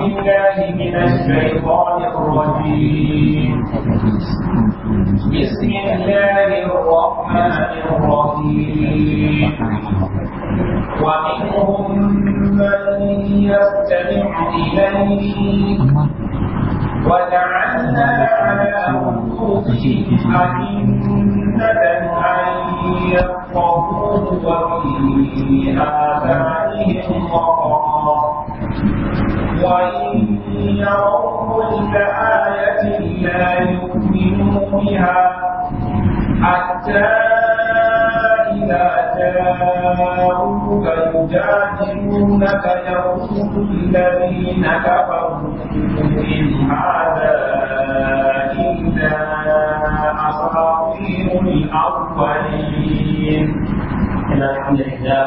بالله من الشيطان الرجيم بسم الله الرحمن الرحيم ومنهم من يستمع إليك وجعلنا على رؤوسهم أئمة أن يفقهوه وفي آذانهم وقرا وإن يروا كل آية لا يؤمنوا بها حتى إذا جاءوك يجادلونك يقول الذين كفروا إن هذا إلا أساطير الأولين الحمد لله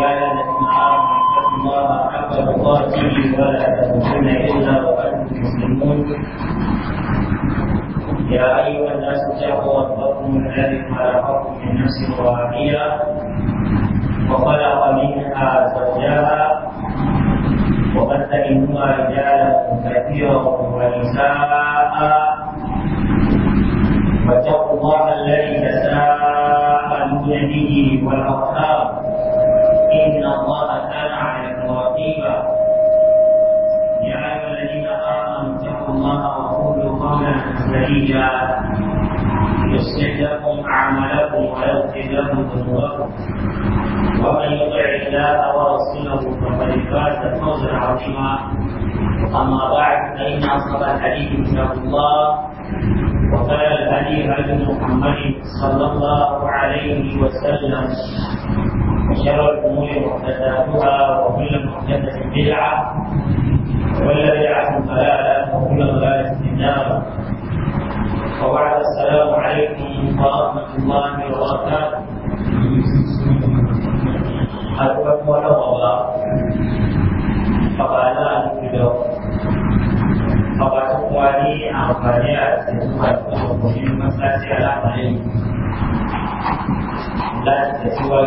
يا الذين الله حق تقاته ولا تموتن الا وانتم مسلمون يا ايها الناس اتقوا ربكم الذي خلقكم من نفس واحده وخلق منها زوجها وبث منهما رجالا كثيرا ونساء نتيجة يصلح لكم اعمالكم ويغفر لكم ذنوبكم ومن يطع الله ورسوله فقد فاز فوزا عظيما اما بعد فان أصحاب الحديث كتاب الله وقال الهدي هدي محمد صلى الله عليه وسلم وشر الامور محدثاتها وكل محدثه بدعه ولا بدعه فلا وبعد السلام عليكم ورحمة الله وبركاته أدوك ونوضا فقالا أنفدو فقاتك واني أعطاني أتسلوها تقوم مساسي على عملي لا تتسوى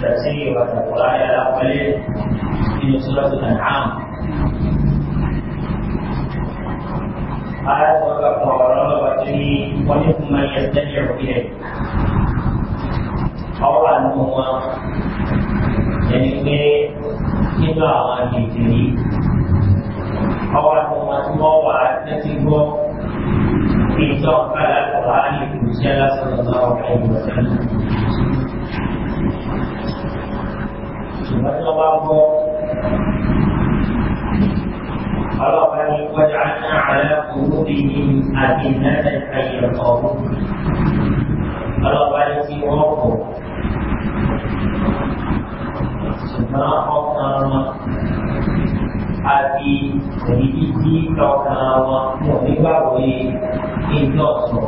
تفسير وتقرأ على عملي في سورة الأنعام أعادك ورغبة ونصف من يستمع إليه أو أنه يعني nínú àwọn àgbègbè yìí ọwọ́ àtọwọ́ tí wọ́n wà láti gbọ́ ìjọ ọ̀kadà ọ̀rọ̀ àlèkùn iṣẹ́ lásán lọ́wọ́ ọ̀rọ̀ ìwọ̀n sẹ́lẹ̀. ṣùgbọ́n tí wọ́n bá gbọ́ قال واجعلنا على قلوبهم أكنة أن يفقهوه قال والدي وقوم ṣùgbọ́n ọkàn wọn àti èyí tí ọkàn wọn mú nígbàgbọ́ yìí ní ìjọ ọ̀sán.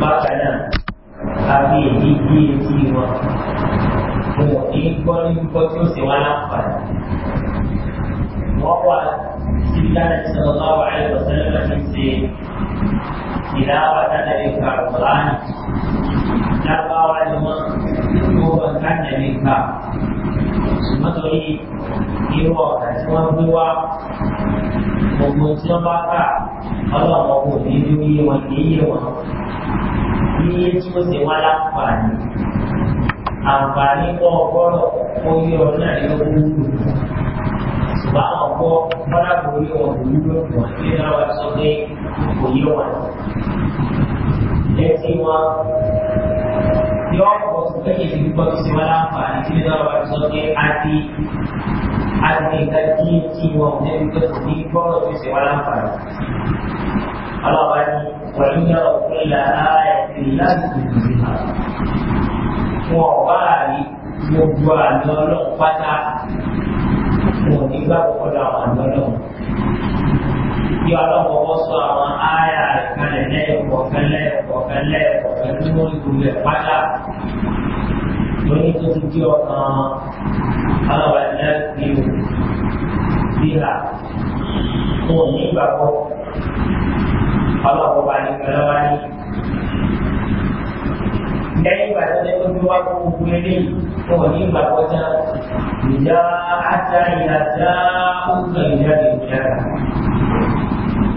bákan náà àti èyí etí wọn wọ̀ kí gbọ́ ní gbọ́ tí ó sì wá láǹfààní. Wọ́n wà síbi dáná tí sọ̀rọ̀ bá wà ẹ̀ lọ sẹ́lẹ̀ bá ti ń ṣe ìdáwà dáná ní ìka àkùránì. Lábáwá ni wọ́n tó wọn ká ní ìka. Ṣùgbọ́n torí irú ọ̀rọ̀ tí wọ́n gbé wá gbogbo tí wọ́n bá kà ọlọ́run kò ní ní wọn kì í yé wọn. Iye tí ó sì wá láǹfààní àǹfààní kọ́ ọgbọ́rọ̀ oyè ọ̀rọ̀ náà ní ogún wúlò. Ṣùgbọ́n àwọn ọgbọ́ bọ́lá kò rí wọn kò wúlò wọn ní náà sọ pé kò yé wọn. Lẹ́tí wọn yọ ọ̀pọ̀ tó fẹ́ kéde gbígbọ́ tó ṣe a ti a ti nǹkan kí kí wọn ò débi tó ti gbọ́rọ̀ tó ṣe wá láǹfààní. Ọlọ́ba ni wọ́n yíyan wọn ọba àrí gbogbo àná ọlọ́run pátá wọn ní gbàgbọ́ kọ́dọ̀ àwọn àná ọlọ́run. Bí ọlọ́run ọwọ́ sọ àwọn ááyà ìkànnì lẹ́yọ̀kọ̀ọ̀kan lẹ́yọ̀kọ̀ọ̀kan lẹ́yọ̀kọ̀ọ̀kan tí wọ́n ń gbogbo ẹ̀ pátá. Lórí tó ti di ọkàn àwọn ẹ̀dá ti o síra wọn ní gbàgbọ́ ọlọ́run ọba lẹ́yìn ìgbà tó lé tó fi wá gbogbo eré wọn ní ìgbà kọjá ìdá ajá ìdájá òkè ìdájá ìdájá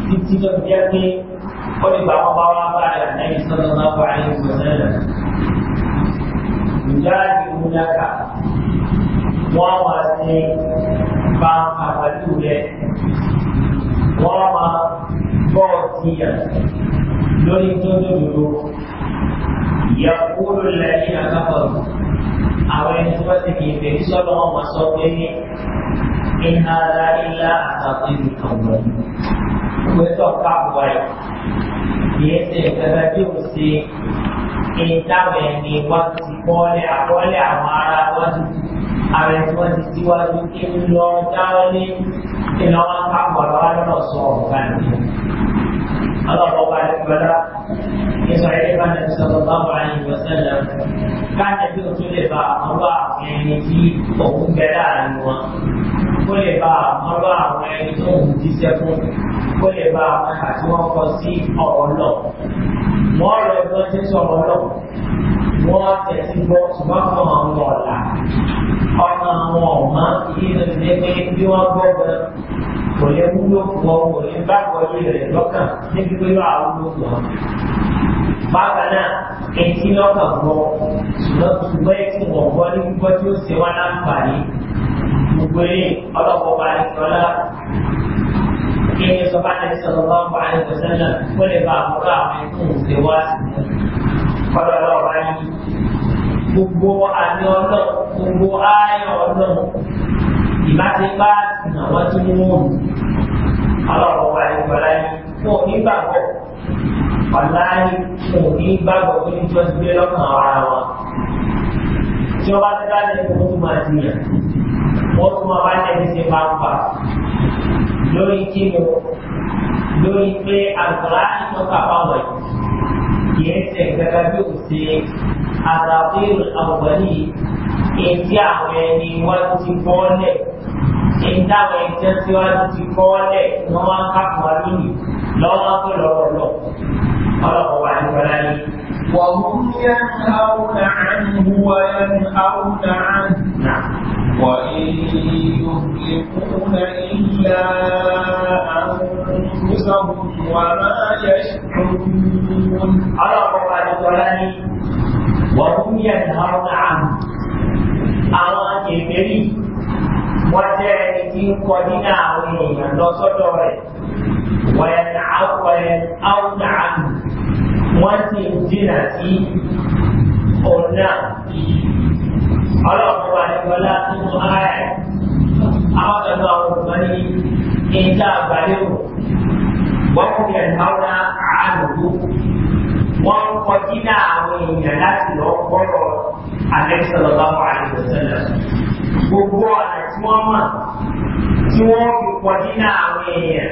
títí tó jẹ́ pé ó lè gbà wọ́n bá wá bá rẹ̀ lẹ́yìn sọ́nà náà bá rẹ̀ ní ìgbà náà wọ́n wá sí bá يقول الذين كفروا أولئك تبتكي في سبعهم وصوتهم إن هذا إلا أساطير الأولين ويتوقع بواي يسي تبتكي في ìtàwọn ẹni wọ́n ti kọ́lé àkọ́lé àwọn ará wọ́n ti ààrẹ tí wọ́n ti síwájú kí ń lọ dáwọ́lé kí ni wọ́n ká pọ̀ lọ́wọ́ lọ́nà sọ ọ̀gá nìyẹn. ọlọ́pàá wà ní gbọ́dọ̀ يسوع يبقى النبي صلى الله عليه وسلم كان في طلبة أربعة يعني في وهم جلال kó lè bá àwọn ọlọ́ àwọn ẹni tó ń jíṣẹ́ fún kó lè bá àwọn ẹ̀ka tí wọ́n kọ sí ọ̀rọ̀ lọ. wọ́n rọ ẹgbẹ́ tí ń sọ̀rọ̀ lọ wọ́n tẹ̀sí gbọ́ ṣùgbọ́n fún àwọn ọ̀la ọ̀nà àwọn ọ̀mọ́ bákan náà ẹtí lọ́kàn gbọ́ ṣùgbọ́n ṣùgbọ́n ẹtí wọ̀ gbọ́ ní gbígbọ́ tí ó ṣe wá láǹfààní gbogbo eré ọlọ́pọ̀pọ̀ àìsọ́lá ìyẹn sọ bá tẹ̀sí sọ̀rọ̀ bá ń bọ̀ àìsọ̀sẹ́ náà kó lè bá àbúrò àwọn ẹ̀kún ṣe wá kọ́lọ́ lọ́wọ́ ayé gbogbo àmì ọlọ́run gbogbo ayé ọlọ́run ìbáṣe bá nà wọ́n tí wọ́n mú ọlọ́run wà ní ìgbàláyé fún onígbàgbọ́ wàláyé òní gbàgbọ́ pé ní jọ́sí gbé lọ́kàn ara wọn. tí wọ́n bá ti dáná ní kókó tó máa di yàn wọ́n tún máa bá tẹ̀lé ṣe máa ń fà lórí kí mo lórí pé àgbàlá ìtọ́ka báwọn yìí kì í ṣe gẹ́gẹ́ bí ó ṣe àdàbíyèrè àwòrán ètí àwọn ẹni wọ́n ti bọ́ọ̀lẹ̀ ètí àwọn ẹni tí wọ́n ti bọ́ọ̀lẹ̀ ni wọ́n ń kàkọ́ lónìí lọ́wọ́ pẹ̀lú ọ̀rọ̀ náà. خلقه عن فلان وهم ينهون عنه وينهون عنه وإن يهلكون إلا أنفسهم وما يشعرون خلقه عن فلان وهم ينهون عنه أما كبري wọ́n jẹ́ ẹni tí ń kọ nínú àwọn wọ́n ti dínà sí ọ̀nà ọlọ́pàá ìwọlá nínú ara ẹ̀ àwọn ẹ̀rọ àwọn ọ̀gbọ́n ní ìjà àgbàlérò wọ́n kò yẹ káwọn àánú wọ́n kọ dínà àwọn èèyàn láti lọ gbọ́rọ̀ àlẹ́sọ̀lọ́lá àìsọ̀sẹ́lẹ̀ gbogbo ọ̀nà tí wọ́n mọ̀ tí wọ́n fi kọ dínà àwọn èèyàn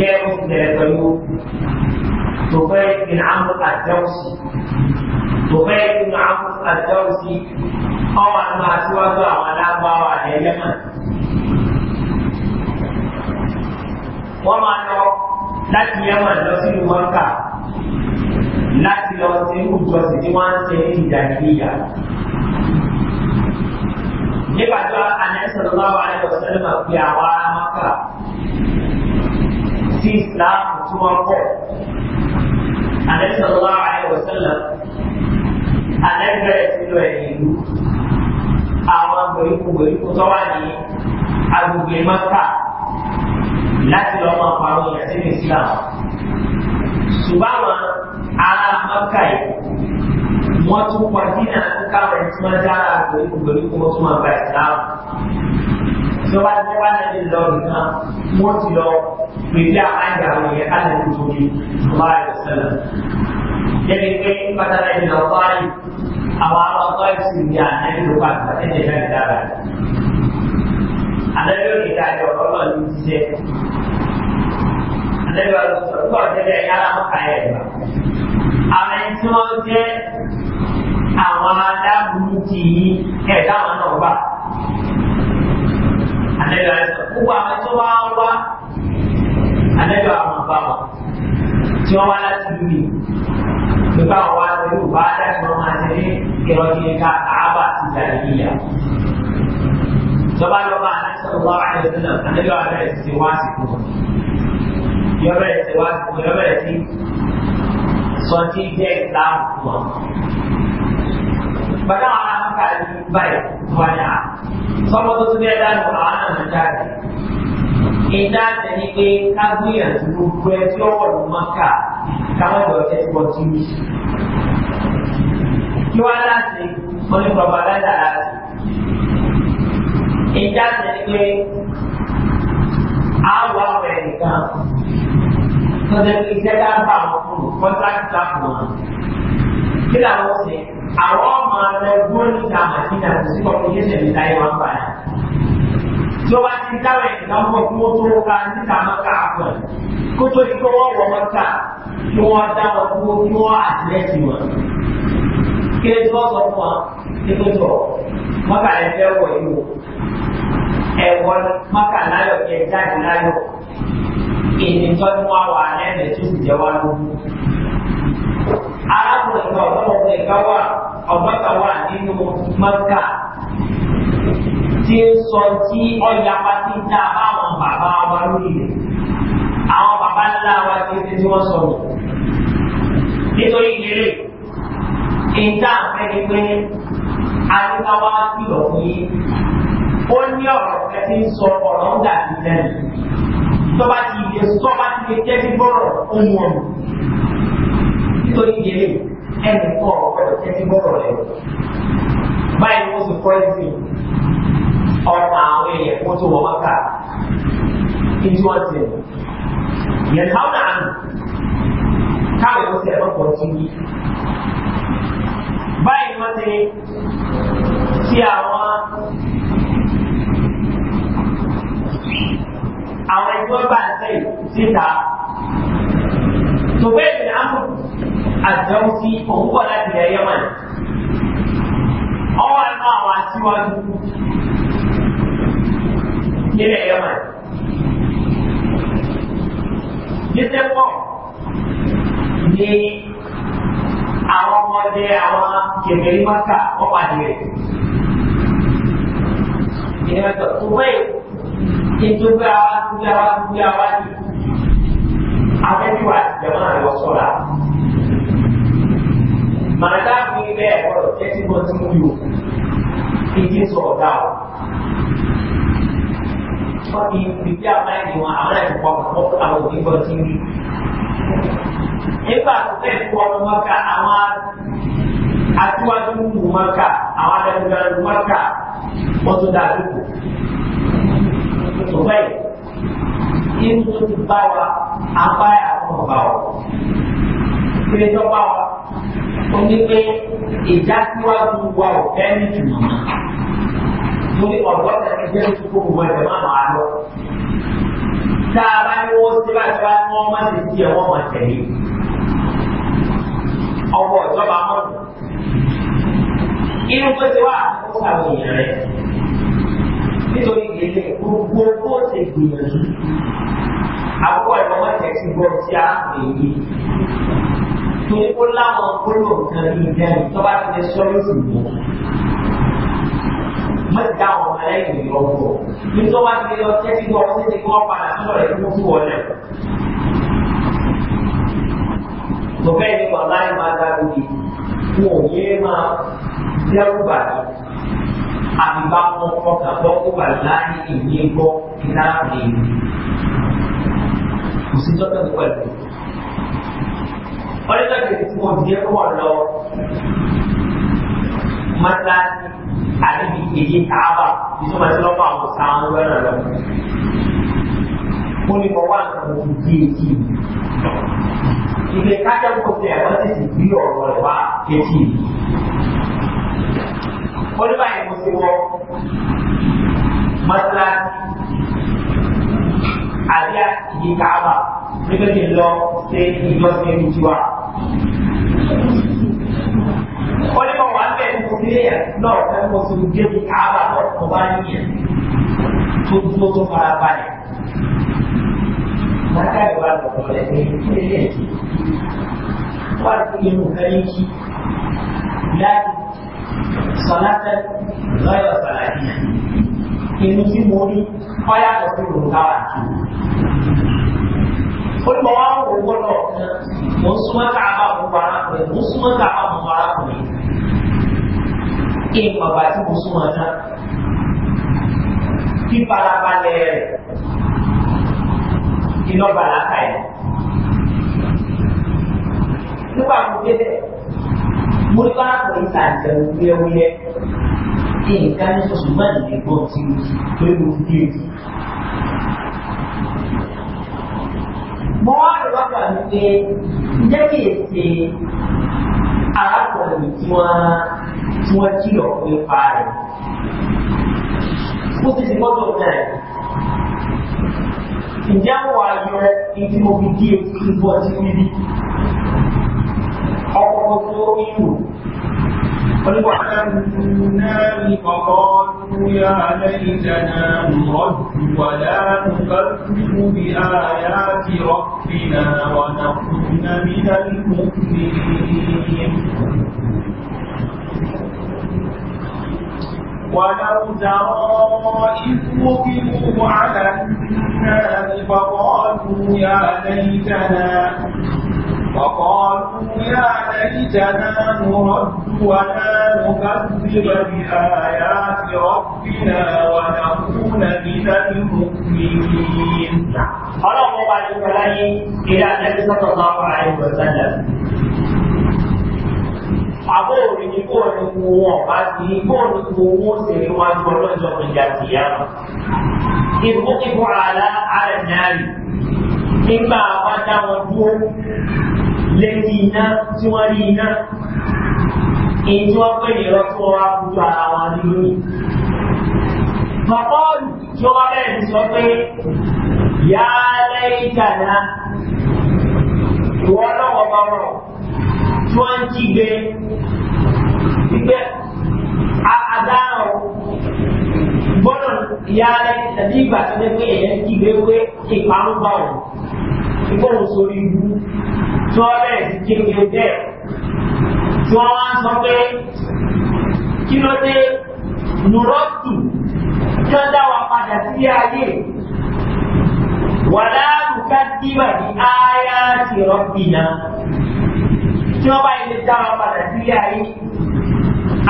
jẹ́ ìbẹ̀rẹ̀ pẹ̀lú tòfẹ́ ìpínlẹ̀ àmú àjọsí tòfẹ́ ìpínlẹ̀ àmú àjọsí ọmọ àti aṣíwájú àwọn alágbáwá ẹlẹ́mọ̀. wọ́n máa lọ láti yẹ́mọ̀ lọ sínú mọ́ńkà láti lọ sí ìjọsìn tí wọ́n ń ṣe ní ìdàgbéyà. nígbà tó àná ìṣòro bá wà lẹ́kọ̀ọ́ sẹ́lẹ̀ máa fi àwa mọ́ńkà tí islam tí wọ́n pọ̀ alẹ́sọ̀lá àìwọ̀sẹ́lẹ̀ alẹ́bẹ̀rẹ̀ sínú ẹ̀yìn ìlú àwọn gbèríkù gbèríkù tó wà ní agbègbè mọ́ta láti lọ́mọ àpárọ̀ yẹn sínú islam ṣùgbọ́n àwọn ará mọ́ta yìí wọ́n tún pọ̀ dínà káwọn ẹni tí wọ́n dára gbèríkù gbèríkù wọ́n tún máa islam tí wọ́n bá ti wá lẹ́yìn lọ nìkan wọ́n ti lọ pè sí àkáǹtì àwọn èèyàn ká lè kú tóbi ọmọlá rẹ̀ sẹ́lẹ̀. Jẹ́ni pé pátálà ìlú ọ̀pá yìí àwọn ará ọ̀pá yìí sì ní àlẹ́ ìlú pàtó ẹ̀jẹ̀ náà dára. Àlẹ́ yóò ní ìdájọ́ ọlọ́ọ̀ ní jíjẹ. Àlẹ́ yóò lọ sọ yàrá mọ́ka ẹ̀ bá. Àwọn ẹni tí wọ́n jẹ́ àwọn adágún ti ẹ̀dá àwọn náà àlejò àìsàn gbogbo àwọn tó bá wá àlejò àwọn àbáwọ tí wọn wá láti lù mí nípa àwọn aṣèlú bá dájú wọn máa ṣe ní kẹrọdíye ká àábà ti dàrí yíyá lọba lọba àdìsọlọba àdìsọlọ àlejò àbẹrẹ ti ṣe wá sí fún yọbẹrẹ ti ṣe wá sí fún yọbẹrẹ ti sọ tí jẹ ìlànà ba da ana maka aiki bai wada saboda su ne da nuna ana mutane ìdá tẹ̀lé pé ká gbìyànjú gbogbo ẹ tí ó wọ̀ ní mọ́kà káwọn ìjọ ṣe pọ̀ tí ó ṣe. kí wá láti wọn ní bàbá aláìlá láti. ìdá tẹ̀lé pé a wà àwọn ọmọ rẹ gbó níta àdínà kò sí complication ní táyé wọn fà yà. tí ó bá ti dáwọ̀ ìdánwò kí wọ́n tó ká níta mọ́ká àpọ̀ kó tó di pé wọ́n wọ mọ́ká kí wọ́n dá wọn dúró kí wọ́n àtìlẹ́sì wọn. kí ló tó sọ fún wa kí tó tọ̀ mọ́ká rẹ fẹ́ wọ̀ yìí o ẹ̀wọ́ mọ́ká láyọ̀ kẹ jáde láyọ̀ ènìtọ́ ni wọ́n wà lẹ́nu tó sì jẹ́ wá lógún. arákùnrin kan ọ̀dọ́ ọ̀bọ̀tà wà nínú mọ́kà tí ń sọ tí ọjà pàtí tá a bá àwọn bàbá wa lórí rẹ̀. Àwọn bàbá ńlá wa ti ti tí wọ́n sọ̀rọ̀. Nítorí ìlérí, ìta àfẹ́ ni pé Adékáwá kìlọ̀ fún yín. Ó ní ọ̀rọ̀ kẹ́ tí ń sọ ọ̀rọ̀ ń dà sí lẹ́nu. Tọ́ba ti lè sọ́ba ti lè jẹ́ sí bọ́rọ̀ ó mú ọ̀nà. Nítorí ìlérí, ẹnì kọ́ ọ̀pẹ̀lẹ̀ tẹ́tí gbọ́dọ̀ rẹ̀. báyìí wọ́n ti kọ́ ẹ̀sì ọ̀nà àwọn èèyàn kó tó wọ́n máka kí tí wọ́n ti rẹ̀. yẹn táwọn náà nù káwọn èèyàn ti ẹ̀rọ pọ̀ sí i. báyìí wọ́n ti ti àwọn àwọn ẹgbẹ́ bá ń sẹ́yìn síta. tòbẹ́ẹ̀ni àmọ́ àdáwùsí òun bọ̀ láti ilẹ̀ yemen ọwọ́ àná àwọn aṣíwájú nílẹ̀ yemen jíṣẹ́ pọ̀ ní àwọn ọmọdé àwọn kẹ̀kẹ́rí máka wọ́n pàdé rẹ̀ ìrìnàjò tó bẹ́ẹ̀ nítorí àwa nítorí àwa nítorí àwa ni abẹ́bí wa àti jẹ̀mọ́ àlọ́ sọ́la màá dáàbò ilé ẹ̀kọ́ rẹ̀ tẹ́tí bọ́ tí mo yò ìdí sọ ọ̀dà o. wọ́n ti ìdí àbáyé ni wọn àwọn ẹ̀kọ́ pàpọ̀ fún àwọn òbí bọ́ tí ń rí. nígbà tó fẹ́ fún ọmọ mọ́ká àwọn aṣíwájú mú mọ́ká àwọn adájúdájú mọ́ká wọ́n tún dáa dúkù. ṣùgbọ́n inú tó ti bá wa abáyé àwọn ọ̀bà wa. kí ni tó bá wa? ó ní pé ìjásíwájú wa ò fẹ́ ní jùmọ̀ mo ní ọ̀dọ́ tẹ̀lé jẹ́ ìtukọ̀ gbogbo ẹ̀jẹ̀ máa wà lọ. tá a bá ní wọ́n ṣe báyìí wá ní wọ́n ṣe sí ẹ̀wọ́n wọn tẹ̀lé ọwọ́ ìjọba mọ́tò inú pé ti wá àkókò àwọn èèyàn rẹ̀ nítorí ìdílé gbogbo owó ti gbìyànjú àkókò ẹ̀rọ wọn tẹ̀ sí gbọ́ tí a pè é tó ó láwọn gbóló kan ní ìjẹun tó bá ti lè sọ yóò sì wọ. Má ti dá ọmọ ẹlẹ́yìn lọ bọ̀. Nítorí wá ti lọ tẹ́tí bọ́ ọ́ títí kí wọ́n padà sọ̀rọ̀ rẹ̀ fún fún wọn náà. Kò bẹ́ẹ̀ ni wà láì máa dá lórí. Wọn ò yé máa dẹ́rù bàjẹ́. Àbí bá wọn ọkàn bọ́ kó wà láì ìyẹn gbọ́ kí náà Kò sí dọ́kítà pẹ̀lú ọdún tó ti fún òjì ẹ̀kọ́ wọn lọ mọ́tàlásí àti èyí káàbà ìtumọ̀ sí lọ́pọ̀ àwọn sáwọn wẹ́rẹ̀ lọ. Mo ní mo wá nǹkan mo fi dé etí mi. Ìgbé kájọ́ kò tẹ̀ wọ́n sì ti bí ọ̀rọ̀ rẹ̀ wá etí mi. Mo ní báyìí mo ti wọ mọ́tàlásí àti èyí káàbà nígbà tí ń lọ sí ìjọsìn ìjọba ó ní bọ̀ wá bẹ́ẹ̀ ní sílẹ̀ náà fẹ́ kó tó gé mi káàbà náà tó bá nìyẹn tó dúró tó fara balẹ̀. Màkà ìwà lọ̀rọ̀ rẹ̀ ní ìpínlẹ̀ Èkó. Wọ́n ti lè mú kẹ́lí kí láti sọ̀látẹ̀ lọ́yọ̀ sọ̀látẹ̀. Inú tí mo ní ọ̀yàtọ̀ sí òǹkà wà kí. Ó ní bọ̀ wá wò ó gbọ́dọ̀ kan mo ń súnmọ́ káàbà mo fara pẹ̀ mo ń súnmọ́ káàbà mo fara pẹ̀ kí n bàbá tí mo súnmọ́ náà kí farabalẹ̀ rẹ̀ kí lọ́ba làákà yìí. nígbà mo débẹ̀ mo ní fara pẹ̀ ìta ìjẹun wúyẹ́wúyẹ́ kí n ká ní sọ̀sùn má nìyẹn gbọ́n tí mo ti lórí ojú èyí mo wá lè wá gbà mí pé ǹjẹ́ kì í ṣe arákùnrin tí wọ́n tí wọ́n kìlọ̀ nípa rẹ̀ ó sì ti gbọ́dọ̀ náà ǹjẹ́ àwọn ayọ̀ ìdí mo fi dí etí bọ́ sí níbi ọkọ̀ tó ń lò. والنار فقالوا يا ليتنا نرد ولا نكذب بآيات ربنا ونكون من المؤمنين ولو ترى إذ وقفوا على النار فقالوا يا ليتنا وقالوا يا ليتنا نرد ولا نكذب بآيات ربنا ونكون من المؤمنين قال الله عز وجل إلى النبي صلى الله عليه وسلم àbó ni kó ní kó wọn sí ní kó ní kó wọn sì ní wọn gbọ lọ́jọ́ ìjà tìyà lọ. ìbùkún ìbùkún àlá àrẹ̀ náà rí nígbà wọn wọn dúró lẹ́tí iná tí wọ́n rí iná èyí tí wọ́n pè ní ọkọ̀ wa kújú ara wa ní lónìí. Bàbáàlù tí ó wá bẹ̀rẹ̀ sọ pé yá lẹ́yìn ìjàdá ìwọ lọ́wọ́ bá rọ̀ tí wọ́n ń kígbe gbígbẹ́ àdáhùn gbọ́dọ̀ yá lẹ́yìn tàbí ìgbà tó lé pé èyẹ ń kígbe pé ìparun ìgbọ́dọ̀ sórí ibú tí wọ́n bẹ̀rẹ̀ sí kékeré bẹ́ẹ̀ tí wọ́n wá ń sọ pé kí ló dé nùrọ́tù tí wọ́n dá wa padà sí ayé wàlá nùkàdìmà di ayá ti rọ́bìnà tí wọ́n bá ilé dá wa padà sí ayé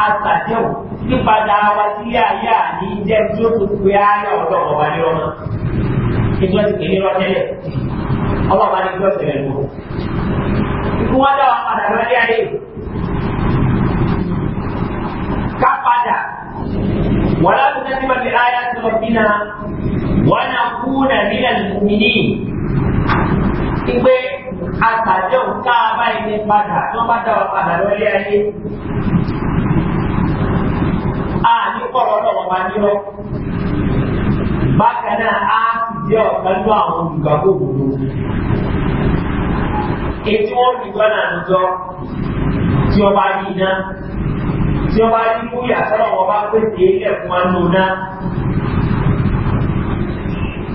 àtàdéhùn nípadà wa sí ayé àní jẹ́ tí ó tún pé ayé ọ̀dọ́ ọ̀bá ní ọmọ ìjọsìn kìíní lọ tẹ́lẹ̀ ọmọ ọba ní ìjọsìn rẹ̀ lọ wọ́n dá wọn padà lọ́dẹ ayé. Ká padà wọ́n láti tẹ́tí bá ti ráyà tó lọ bí náà wọ́n náà kú náà nílẹ̀ lùmíní. Ìgbé àtàjọ ká báyìí ní padà tó bá dá wọn padà lọ́dẹ ayé. A ní kọ̀rọ̀ lọ́wọ́ máa a ti jẹ́ ọ̀kan tó àwọn ètí wọ́n fi gbọ́nà àjọ tí ọba yìí ná tí ọba yìí kú yàtọ̀ wọn bá pèsè ilẹ̀ fún na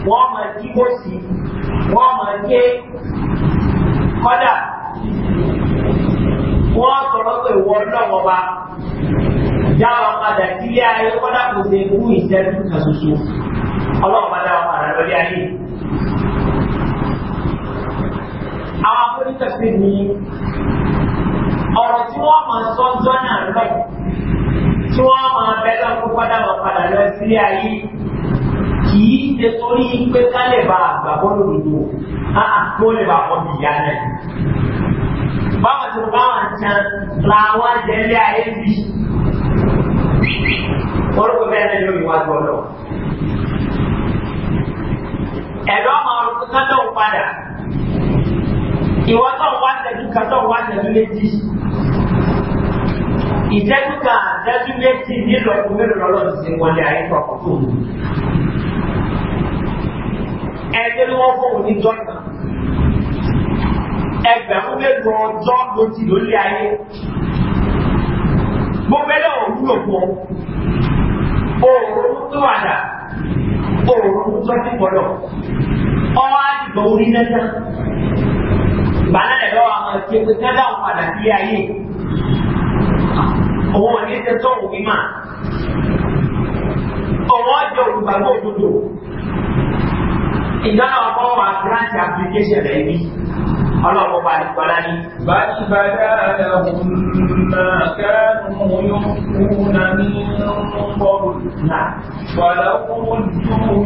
wọ́n máa jí bó sí wọ́n máa gé kọ́dà wọ́n sọ̀rọ̀ wọ́n lọ́wọ́ padà sílé ayé kọ́dà kò ṣe kú ìṣẹ́jú kan ṣoṣo ọlọ́run padà padà ayé. àwọn akóríkàsí ni ọ̀rọ̀ tí wọ́n máa sọ jọ́nà rẹ̀ tí wọ́n máa bẹ́lá kó padà wà padà lọ sílé ayé kì í ṣe torí pé ká lè bá àgbàgbọ́ lòdòdò áà kó lè bá ọmọ ìyá rẹ̀. báwọn tó báwọn can làwọn àjẹlé ayé bí orúkọ bẹ́ẹ̀ náà yóò wá gbọ́dọ̀. ẹ̀rọ máa rò kó ká padà ìwọ tó wá tẹ̀jú kan tó wá tẹ̀jú méjì ìtẹ́jú kan àtẹ́jú méjì nílò ìkúmẹ́rù lọ́lọ́ ti ṣe wọlé ayé kọ̀ọ̀kan tó wù. ẹgbẹ́ ni wọ́n fóun ní jọ́nà ẹgbẹ̀rún mélòó ọjọ́ ló ti lólé ayé gbogbo ẹlẹ́wọ̀n wúlò fún ọ òòrùn tó wà dà òòrùn tó ti pọ̀ lọ ọ á dìbò orí náà àwọn ti pé sẹ́dá òun padà sí ayé òun ò ní ṣe tó òun mímà òun ọjọ́ olùgbàgbọ́ òdodo ìdáná ọkọ̀ wà branch application rẹ̀ bíi ọlọ́pọ̀ bá ní kọ́lá ní. báyìí bàdá àdàbùn máa kẹ́rù yọkùn ní bọ́ọ̀lù náà. ولو ردوا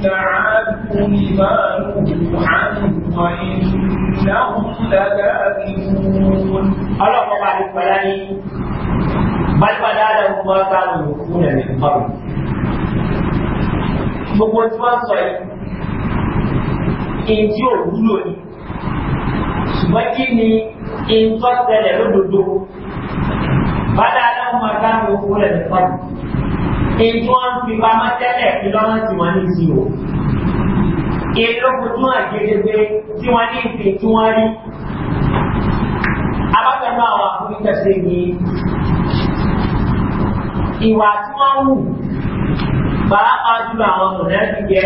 لعادوا لما نهوا عنه وإنهم لكاذبون. ọlọ́pọ̀ bá ní kọ́lá ní. بل بدا لهم ما كانوا يخفون من قبل. gbogbo tí wọ́n sọ yìí èyí tí ò wúlò yìí ṣùgbọ́n ni ìtọ́ tẹ̀lẹ̀ lódodo bàdà aláwọ̀ máa bá mi owó rẹ̀ nípa yìí ètò wọn fi pamọ́ tẹ́lẹ̀ fi lọ́wọ́ tí wọ́n ní sí o èlò fojú hàn gédégbé tí wọ́n ní ìpè tí wọ́n rí abáfẹ́lú àwọn àfúnitẹ́sẹ̀ ni ìwà tí wọ́n wù pàápàá jùlọ àwọn mọ̀lẹ́bí fi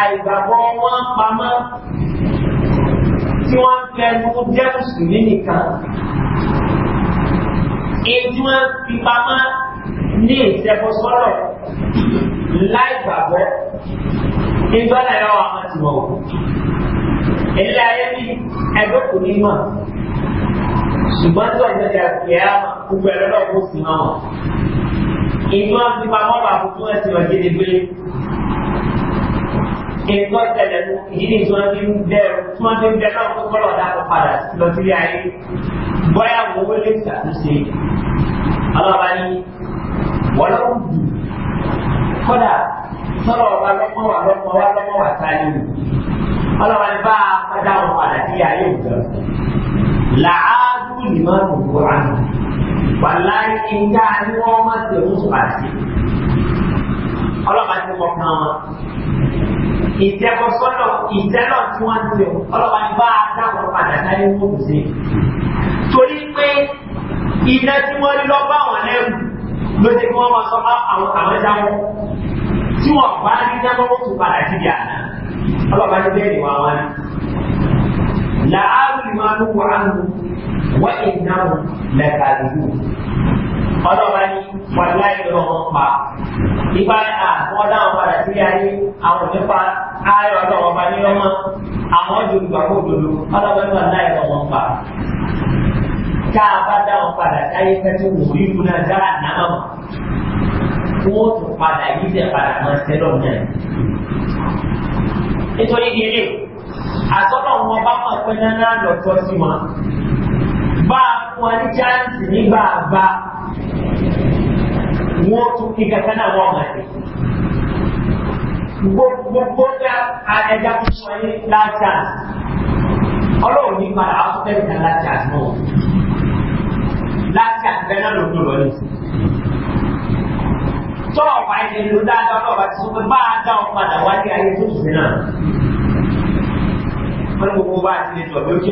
àìgbàgbọ́ wọn pamọ́ tí wọ́n lẹ́nu jẹ́ mùsùlùmí nìkan. Èyí tí wọ́n fi pamọ́ ní ìṣẹ́fọ́sọ́rọ̀ láìgbàgbọ́. Ìgbà náà yọ àwọn àti wọ̀ wọ̀. Ilé ayé ní ẹgbẹ́ kò ní mọ̀. Ṣùgbọ́n tí wọ́n ti dàgbà kìí àmà gbogbo ẹ̀rọ náà kó sí náà. Ìgbà wọn fi pamọ́ bàbá fún ẹ̀sìn ọ̀gẹ́dẹ́gbẹ́ nǹkan ṣẹlẹ̀ ló yìí ni tí wọ́n ti ń bẹ̀rù tí wọ́n ti ń bẹ̀rù àwọn tó kọ́lọ̀ dáko padà lọ sílé ayé bóyá wo ó lè ṣàtúnṣe ọlọ́ba ní wọ́n lọ́wọ́ dùn kódà sọ́rọ̀ ọba lọ́pọ̀ wà lọ́pọ̀ wà lọ́pọ̀ wà sáyé o ọlọ́ba ní bá a padà wọn padà sí ayé òjò làádù nìmọ̀ òkú àná wàláyé ìjà ni wọ́n má ti rú àti ọlọ́ba ti mọ̀ kàn wọ́n ìtẹ́kọ̀sọ́nà ìtẹ́nà tí wọ́n ti lò ọlọ́wà ní bá dáwọn padà láyé wọ́n kò sí. torí pé iná tí wọ́n rí lọ́gbà wọn lẹ́rù ló jẹ́ kí wọ́n sọ àwọn àwọn tí wọ́n bá rí dáwọ́ wọ́n tún padà sí ibi àná ní bẹ́ẹ̀ ni wọ́n wá ní. làárù ìmọ̀ àdúgbò àánú wọ́n ìnáwó lẹ́ka ọlọ́ba ní wàlúwà ìlú ọ̀hún pa. Ìgbà àwọn dáhùn padà sí ayé àwọn òmìnira ayọ̀ ọlọ́ọ̀ba ní ọmọ àwọn jòlùbà kó dòdò ọlọ́ba ní wàlúwà ìlú ọ̀hún pa. Tá a bá dáhùn padà sí ayé pẹ́tù wò rí ìlú náà dára náà mọ̀. Wọ́n tún padà yìí tẹ̀ padà mọ́ sẹ́lọ̀ náà. Nítorí ilé, àtọ́nà wọn bá mọ̀ pé náà lọ́tọ́ sí wọn. Bá a ní chance nígbà bá wọ́n tún kíkà wọ́n máa ṣe. Gbogbo tó sọ yé lájà ọlọ́run ní padà áfúkẹ́rì náà lájà náà. Lájà bẹ́ẹ̀ náà ló lọ ní. Tọ́ọ̀ bá ẹni ló dáadáa ọlọ́run àti sọ pé máa dá ọ padà wáyé ayé tó sì náà. Wọ́n ní gbogbo bá a ti lè bí ó ti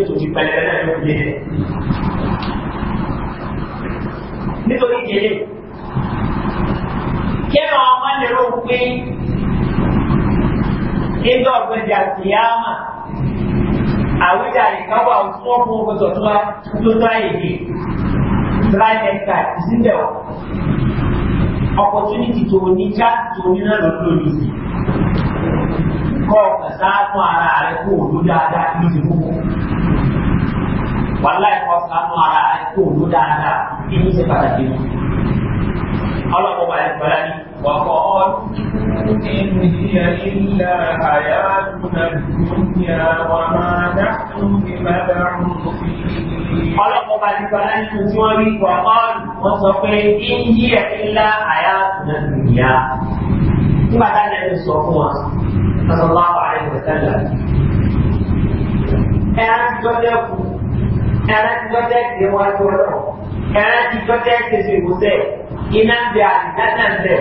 nítorí ìdílé kí ẹnu ọmọ lérò pé nígbà ọ̀gbẹ́jà tìyàmà àwíjàre kan fún ọkùnrin ọgbẹ́sọ̀ tó wá tó tó àyè dé láìpẹ́ka opportunity tó ní já tó ní náà lọ́dún lórí kọ́ sáà ara rẹ̀ kó dáadáa wàláì kọ́ sánú ara àìkú òun dáadáa kí ní ṣe pàtàkì mọ́. ọlọ́pọ̀ bàlẹ̀ pẹ̀lá ní wọ́pọ̀ ọlọ́pọ̀ bàlẹ̀ pẹ̀lá ní kò tí wọ́n rí wọ́pọ̀ wọ́n sọ pé ìyí ẹ̀ ńlá àyà náà nìyà. nígbà táwọn ẹni sọ fún wa ẹran ti gbọ́dọ̀ ẹ̀sìn wọn tó lọ ẹran ti gbọ́dọ̀ ẹ̀sìn sí ìwúsẹ̀ iná ń bẹ àdìgbàdàn bẹ̀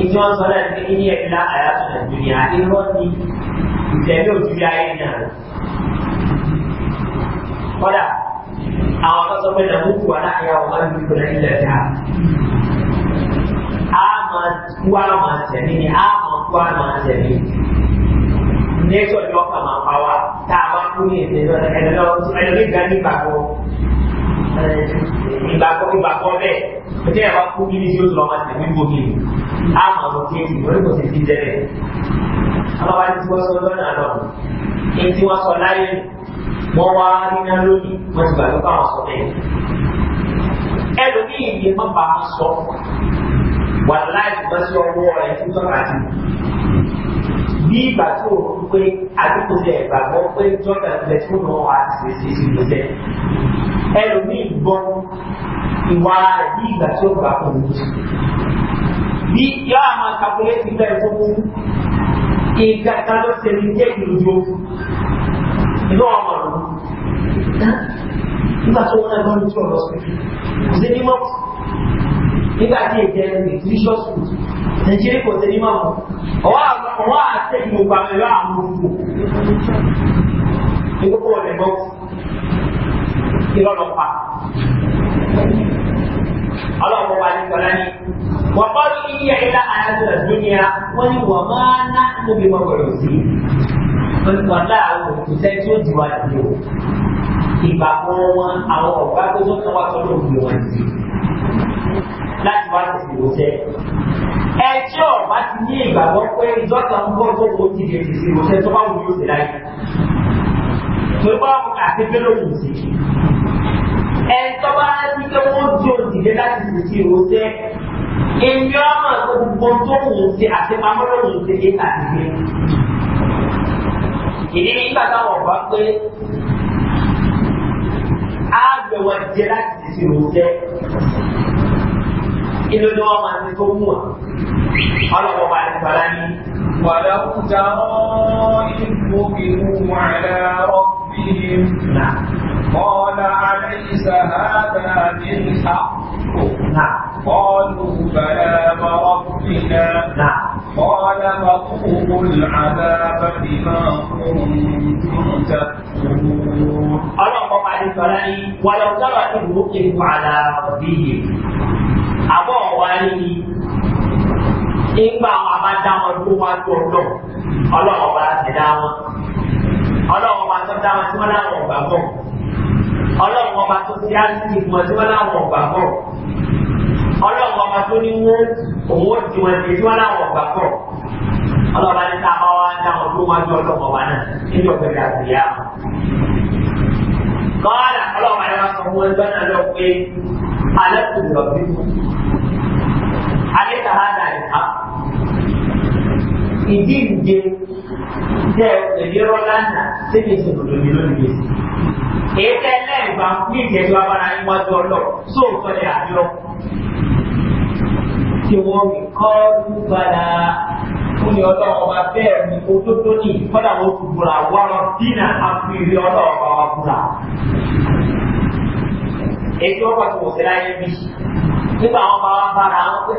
ìjọ sọ̀rọ̀ ní ilé ẹ̀dá àyàtọ̀ nàìjíríà irọ́ ni ìtẹ̀lé òjúlé ayé náà kọ́dà àwọn tó sọ pé nàmúkú wà láàyè àwọn máa ń bí kọ́dà ilẹ̀ ẹ̀dá a máa kú a máa tẹ̀lé ni a máa kú a máa tẹ̀lé nẹ́tọ̀ ní èdè náà ẹ̀lọ́ ẹ̀lọ́mí gan ní ìgbàgbọ́ ìgbàgbọ́ ìgbàgbọ́ bẹ́ẹ̀ ẹ̀jẹ̀ yẹn wá kú bíbí tí ó lọ́ máa tẹ̀lé ń bòmí á máa lọ sí èsì lórí kò sì ti jẹ́ bẹ́ẹ̀. àbábá ti wọ́n sọ lọ́nà lọ èyí tí wọ́n sọ láyé wọ́n wá níná lónìí wọ́n ti gbàgbọ́ káwọn sọ bẹ́ẹ̀. ẹlòmíì yìí má bàa sọ wà láì bá sí ọwọ́ rẹ̀ tó tọ́ka bí ìgbà tí o rú pé àdúgbò tẹ ìgbàgbọ́ pé jọ́nà ilẹ̀ tí ó nà wá sí sí sí ló jẹ́ ẹlòmíì gbọ́ ìwà rẹ̀ bí ìgbà tí ó gbà kó ló jẹ́ bí yọ àwọn àkàkúlé ti bẹ̀rẹ̀ tó kú ìgbà kan ló ṣe ní jẹ́ ìlú ìlú ọmọ rẹ̀ nígbà tó wọn ẹgbọ́n ní tí ọ̀rọ̀ sí kò sí ní mọ́ nígbà tí èdè ẹni religious Nàìjíríà kò tẹ̀lé máa mọ̀. Ọwọ́ àtẹ̀yìn gbogbo àwọn ẹ̀rọ àwọn olùkọ́. Ìgbókò ọ̀dẹ̀ bọ́. Ìrọ̀lọ́ pa. Ọlọ́run wa ní Kọ́lá ní. Wọ́n kọ́ ní iye ìlà àyájọ́ ìdúnyà wọ́n ní wọ́n máa ná níbi wọn kọ̀rọ̀ sí. Wọ́n ti wọ́n láàárọ̀ òṣìṣẹ́ tí ó jù wá jù. Ìgbà kan wọn àwọn ọ̀gá tó tó kọ́ wá tọ́lọ́ òbí wọn sí láti wá sí ìwòsẹ́. Ẹjẹ́ ọ̀bá ti ní ìgbàgbọ́ pé ìjọba ń bọ̀ tó kó ti dèrè sí ìwòsẹ́ tó bá wù yóò sì láyé. Pé bá wọn kà sí pé lóyún sí. Ẹ̀tọ́ bá rántí pé wọ́n di òdìdé láti sì sí ìwòsẹ́. Èmi ọmọ tó gbogbo tó wù sí àtipamọ́ lóyún sí ní àtìgbé. Ìdí nígbà táwọn ọ̀bá pé á gbẹ̀wọ̀ jẹ láti sì ìwòsẹ́. إلى دوام أن تكونوا على وضع الفلاني ولو ترى إذ وقفوا على ربهم نعم قال أليس هذا بالحق نعم قالوا بلى وربنا نعم قال فذوقوا العذاب بما كنتم تكفرون ألم بعد الفلاني ولو ترى إذ وقفوا على ربهم àbọ̀ wá ní nígbà wọn bá dá wọn tó wá tó lọ ọlọ́wọ́ bá ti dá wọn ọlọ́wọ́ bá tó dá wọn tí wọ́n láwọn ọ̀gbà bọ̀ ọlọ́wọ́ bá tó ti á sí ìgbọ̀n tí wọ́n láwọn ọ̀gbà bọ̀ ọlọ́wọ́ bá tó ní wọ́n òun ó ti wọn ti tí wọ́n láwọn ọ̀gbà bọ̀ ọlọ́wọ́ bá ní sábà wá dá wọn tó tó ọlọ́wọ́ bá náà níjọba ìgbà kọ́ọ̀lá ọlọ́run àyẹ̀wò sọ wọn ẹgbẹ́ náà lọ pé alẹ́ kò lọ bí wọn. alẹ́ kàá dà ẹ̀ ká. ìdí ìdíje tẹ ẹ̀dẹ́rọ̀ lánàá sẹ́yìn ìṣòro ní lónìí yẹn. èyí tẹ lẹ́ẹ̀gbà ní ìjẹ́jọ́ abala níwájú ọlọ́ sóòótọ́ lẹ́ àjọ. tí wọ́n kọ́ lù bàrà fún ni ọlọ́wọ́ bá bẹ́ẹ̀ ni òdodo ní kọ́dà wọn kò búra wọ́rọ̀ dínà àfi ilé ọlọ́wọ́ bá wà búra. Èyí wọ́n pàṣẹ òṣèlú ayé bí. Nígbà wọn bá wá bára àwọn pé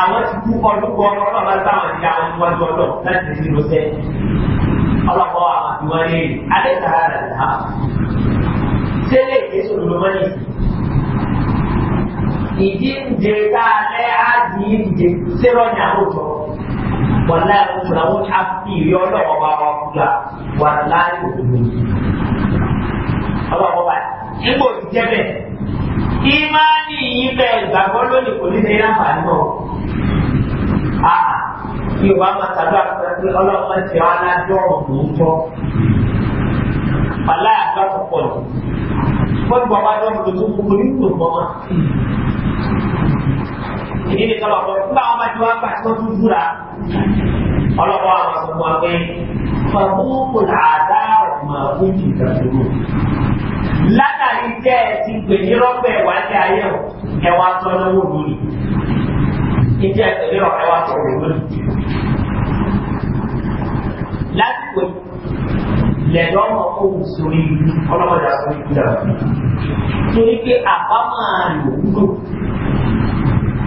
àwọn ti kú ọdún kan ọlọ́wọ́ bá bá àwọn ìyá wọn níwájú ọlọ́ láti ṣe ló sẹ́. Ọlọ́wọ́ àwọn àbíwọ́n lé alẹ́ sàrà rẹ̀ dá. Sẹ́lẹ̀ ìgbésẹ̀ òdodo mọ́ ìdí ìdíje tá a lẹ́ á di ìdíje sẹ́rọ̀ ní àwọn wàlá ìkùnà wọn á fi ìrí ọlọ́wọ́ bá wọn kúta wàlá ìkùnà ọlọ́wọ́ bá nígbò tí jẹ́ bẹ́ẹ̀ ìmáàní yìí bẹ́ẹ̀ ìgbàgbọ́ lónìí kò ní lẹ́yìn àǹfààní náà a ìwà máa tàbí àpẹẹrẹ ọlọ́wọ́ ti wá lájọ́ ọ̀rọ̀ tó ń tọ́ wàlá àgbà pọ̀ pọ̀ lọ. wọ́n ti bọ̀ wá jọ́ ọ̀rọ̀ tó ń kúkú ní ìtòkọ́ wọn. Ini ni kalau bọ nígbà apa bá ti wá gbà tí wọn tún búra ọlọpàá wa sọ fún wa pé fàmúkù àdá ọmọ fún ìdàgbò látàrí tẹ ẹ ti pè ní rọpẹ wájú ayé o ẹ wá tọ suri lórí ìdí ẹsẹ ní ọ̀rẹ́ wá tọ lọ́wọ́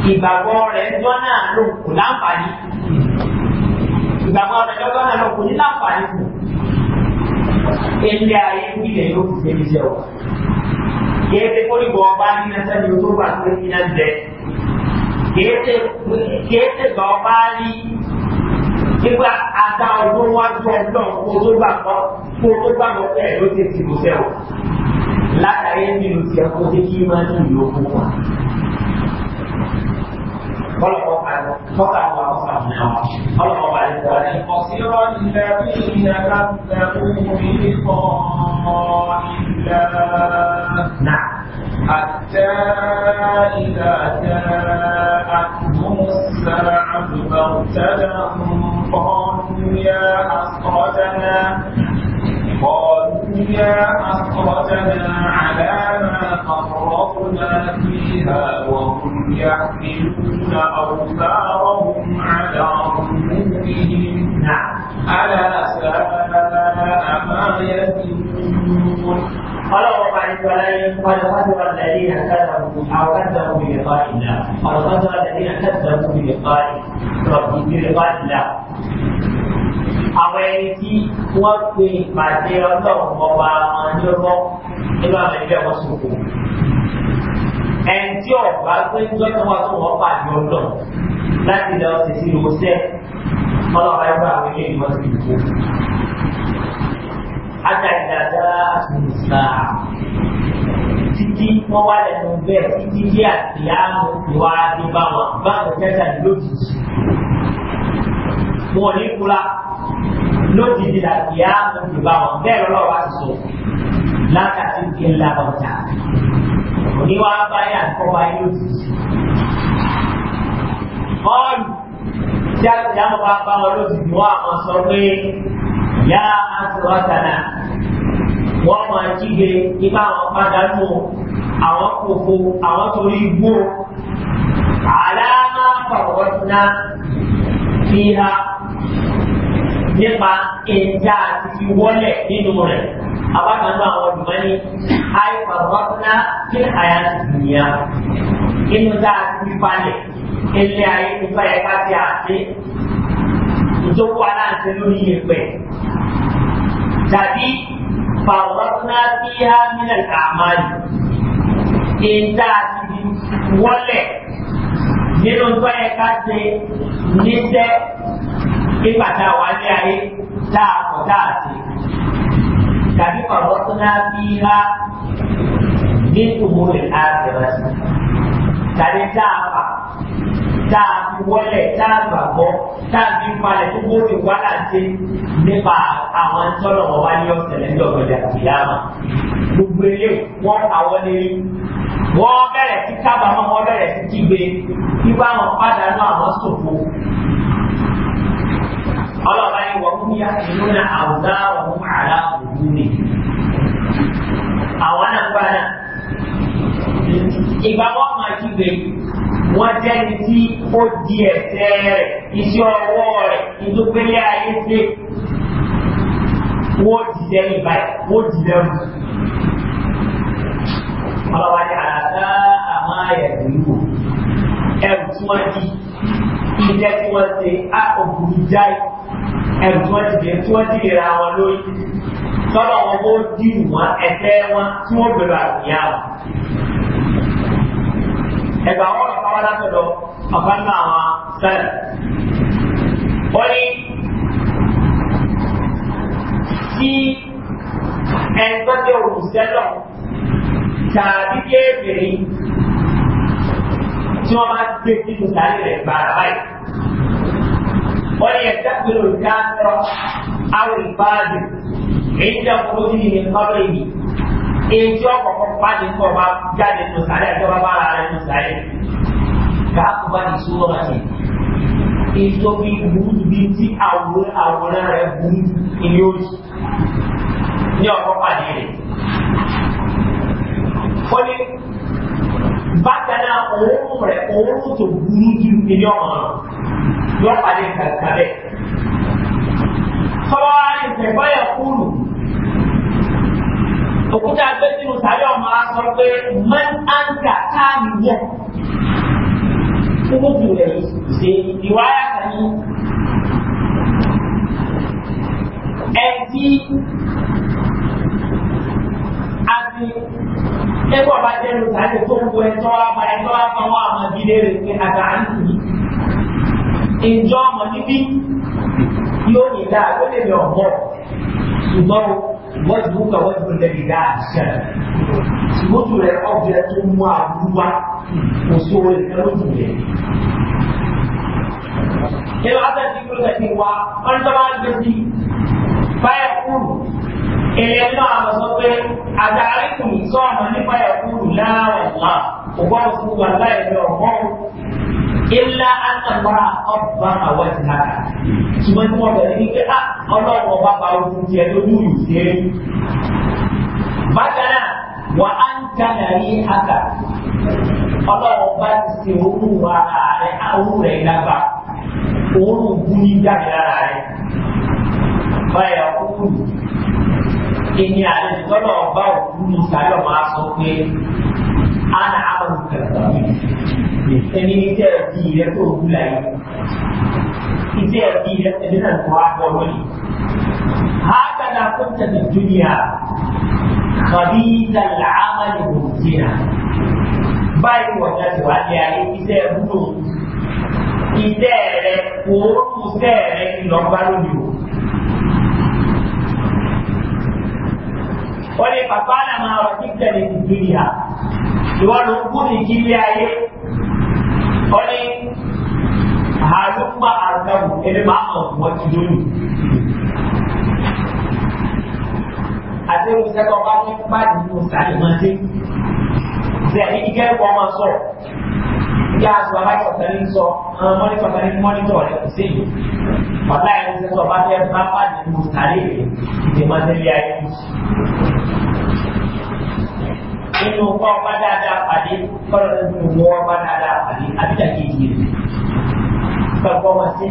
ìgbàgbọ́ rẹ̀ jọ́ náà ló kò láǹfààní ìgbàgbọ́ rẹ̀ jọ́ náà ló kò ní láǹfààní kù ilé ayé nílẹ̀ yóò fi débi jẹ́ o kìí ṣe kó nígbà ọba nínú sẹ́ni o tó gbà pé kí náà jẹ kìí ṣe gbà ọba rí nígbà ada ọdún wájú ọdún kó tó gbà kó tó gbà kó ẹ̀ ló ti ti kò sẹ́wọ̀ látàrí nínú ti ẹ̀kọ́ tí kí máa ń lò fún wa. خلق فقع وأصبح نارا خلق بعد ذلك قصيرا الذين كذبوا بلقاء الله نعم حتى إذا جاءتهم الساعة بغتتهم قالوا يا أخرجنا قالوا يا حسرتنا على فرطنا فيها وهم يحملون أوزارهم عَلَىٰ ظهورهم أَلَا ساء ما يزنون قال وقع الولاء قد خسر الذين كذبوا او بلقاء الله قد خسر الذين كذبوا بلقاء بلقاء الله àwọn ẹni tí wọ́n pe ìpàdé ọlọ́run ọba wọn ní ọgbọ́n nínú àwọn ẹgbẹ́ wọn sòkò. ẹni tí ọ̀gá pé jọ́sọ̀ wọn tó wọ́n pàdé ọlọ́run láti lọ sí sí ìwòsẹ́ ọlọ́run ẹgbẹ́ àwọn ilé ìwọ́n ti dìbò. Adàdàdà àtúnṣà títí wọ́n wá lẹ́nu bẹ́ẹ̀ títí yé àti àmọ́ ìwà àdébáwọn báwọn tẹ́tà lójijì. Wọ́n ní kúra lójijì láti yá lójú bá wọn bẹ́ẹ̀ lọ́wọ́ wá sọ látàtí kí n lábọ̀ ta òní wá báyà kọ́ báyà lójijì. Ọ́ọ̀lù tí a ti dáhùn wá bá wọn lójijì wọ́n àwọn sọ pé yá aṣọ àtàlà wọ́n máa jígbe nípa àwọn pàdánù àwọn kòkó àwọn torí igbó àlá máa ń pàwọ́ sí náà fi ha nípa ìjà àti ìwọlẹ̀ nínú rẹ̀. Abákanú àwọn ọ̀dùnmọ́ ní àìfà wọ́púná kí àyà ti nìyà. Inú tá a ti falẹ̀, ilé ayé ti fẹ́ ká ti àti ìjókòó aláǹtẹ lórí ìpẹ́. Tàbí fàwọ́púná kí á nílẹ̀ kàmáyì. Ìjà àti ìwọlẹ̀ nínú tó yẹ ká níṣẹ́ nígbà tá a wá ní ayé tá a kọ̀ tá a sì tàbí ọ̀rọ̀ tó náà bí ha ní ìmúlò àgbẹ̀rẹ̀ sí tàbí tá a fà tá a fi wọlé tá a gbàgbọ́ tá a fi falẹ̀ tó gbóni wá láti nípa àwọn tọ́lọ̀ wọn wá ní ọ̀sẹ̀ lẹ́yìn ọ̀gbẹ̀dẹ̀ ìyáàmà gbogbo ilé wọn àwọn ní wọn bẹ̀rẹ̀ sí kábàámọ̀ wọn bẹ̀rẹ̀ sí kígbe kí wọn padà náà sòfò ọlọ́ba yìí wọ́n mú yàtúndú na àwùdá ọ̀hún àrà òkú ni. àwọn náà gbá náà ìgbà wọn máa jí gbé wọn jẹ́ ní tí ó di ẹ̀sẹ̀ rẹ̀ iṣẹ́ ọwọ́ rẹ̀ ìdókòlé ayé ṣe wọ́n ti jẹ́ ìgbà yìí ti jẹ́ mu. àdá àmáyẹ̀ ìlú ẹ̀rù tí wọ́n di ìjẹ́ tí wọ́n ṣe á jáì ẹ̀rù tí wọ́n ti bẹ̀rẹ̀ tí wọ́n ti lè ra wọn lórí tọ́lọ̀ wọn bó dìbò wọn ẹ̀fẹ́ wọn tí wọ́n bẹ̀rẹ̀ àgbìyà wọn. ẹ̀gbà wọn lọ fáwọn látọ̀dọ̀ ọ̀kan náà àwọn sẹ́lẹ̀. wọ́n ní tí ẹ̀ńtọ́ jẹ́ olùsẹ́lọ̀ tàbí kéèbèrè tí wọ́n bá gbé títù sáré rẹ̀ gbàrà báyìí. وليستقبل الكافر أو الفاجر عند خروجه من قبره إن شاء الله بعد ما جاد المسألة كما قال على المسألة كأكبر سورة ìjọbi burúkú bíi tí àwòrán àwòrán rẹ burú ilé òjì ní ọkọ pàdé rẹ. ó ní bákan náà òórùn rẹ̀ òórùn tó burú ju ilé ọmọ rẹ̀ yọ pàdé kàkà bẹ́ẹ̀. tọ́wọ́ àìsàn báyà kúrú òkúta gbé sínú sàlẹ̀ ọmọ asọ pé mẹ́n áńkà káàmì yẹ kúrú ju rẹ̀ ṣe ìwáyà kan ní ẹtí àti tẹ́gbọ́ bá jẹ́nu sáré tó ń wọ ẹ̀tọ́ apá ẹ̀tọ́ apá wọn àmọ́ ìdílé rẹ̀ pé àgbà ń tì í. ìjọ ọmọ yóò ní dáa ó lè lọ bọ̀ ṣùgbọ́n wọ́n ti mú wọ́n ti mú lẹ́yìn dáa ṣẹ̀. mọ́tò rẹ̀ ọ̀bẹ tó mú àdúrà kò sí owó ìfẹ́ lójú rẹ̀. kí ló á tẹ̀sí kúrò tẹ̀sí wa wọ́n tọ́ bá èèyàn náà lọ sọ pé adarí kò ní sọ ọmọ nípa ẹ̀kúrú láwàlá ọgbọ́n fún wa láìpẹ́ ọgbọ́n ilá àtàgbà ọba àwọn ti ha ṣùgbọ́n tí wọ́n bẹ̀rẹ̀ ní pé á ah, ọlọ́run ọba bá ojú ti ẹ lójú ìṣe bákan náà wà á ń jáde ní àkà ọlọ́run ọba ti ṣe orú wa ààrẹ àwòrán rẹ̀ lábà òórùn gún ní jáde lára rẹ̀ báyà èmi àti ìtọ́lọ̀ ọba òkú ní sàlọ̀ máa sọ pé a nà áwọn ìkẹ̀kọ̀ ẹni iṣẹ́ ẹ̀dí rẹ tó wú láyé iṣẹ́ ẹ̀dí rẹ ẹni náà kọ́ àgbọ̀ wọlé hákàdà kó tẹ̀lé dúnìá kọ̀dí ìdàlẹ̀ àmàlẹ̀ kò jìnà báyìí wọ̀ jáde wá lé ayé iṣẹ́ ẹ̀bùdó iṣẹ́ rẹ kò ó kù sẹ́ẹ̀rẹ́ ìlọ́gbà lónìí o. wọ́n ní bàbá náà máa wà ní ìjẹ̀lẹ̀ ìdúnyà ìwọ ló kú ní kílé ayé wọ́n ní àlùmọ́ àgbàwò ẹni máa mọ̀ wọ́n ti lóyún. àti ìrìnsẹ́kọ̀ bá ní pàdé ní ọ̀sán ìmọ̀ọ́sẹ́ bẹ́ẹ̀ ní kíkẹ́ ẹ̀kọ́ máa sọ̀rọ̀ bí aṣọ aláìsọ̀tẹ́ ń sọ mọ́nítọ̀tẹ́ ní mọ́nítọ̀ rẹ̀ kò sí yìí ọ̀la ẹ̀rọ ṣe sọ bá fẹ́ bá bá nínú sàlẹ̀ rẹ̀ ìdè máa tẹ̀lé ayé nínú kọ́ ọba dáadáa pàdé kọ́lọ̀ nínú wọ́ ọba dáadáa pàdé àbíjà kejì rẹ̀ gbàgbọ́ wọn sí.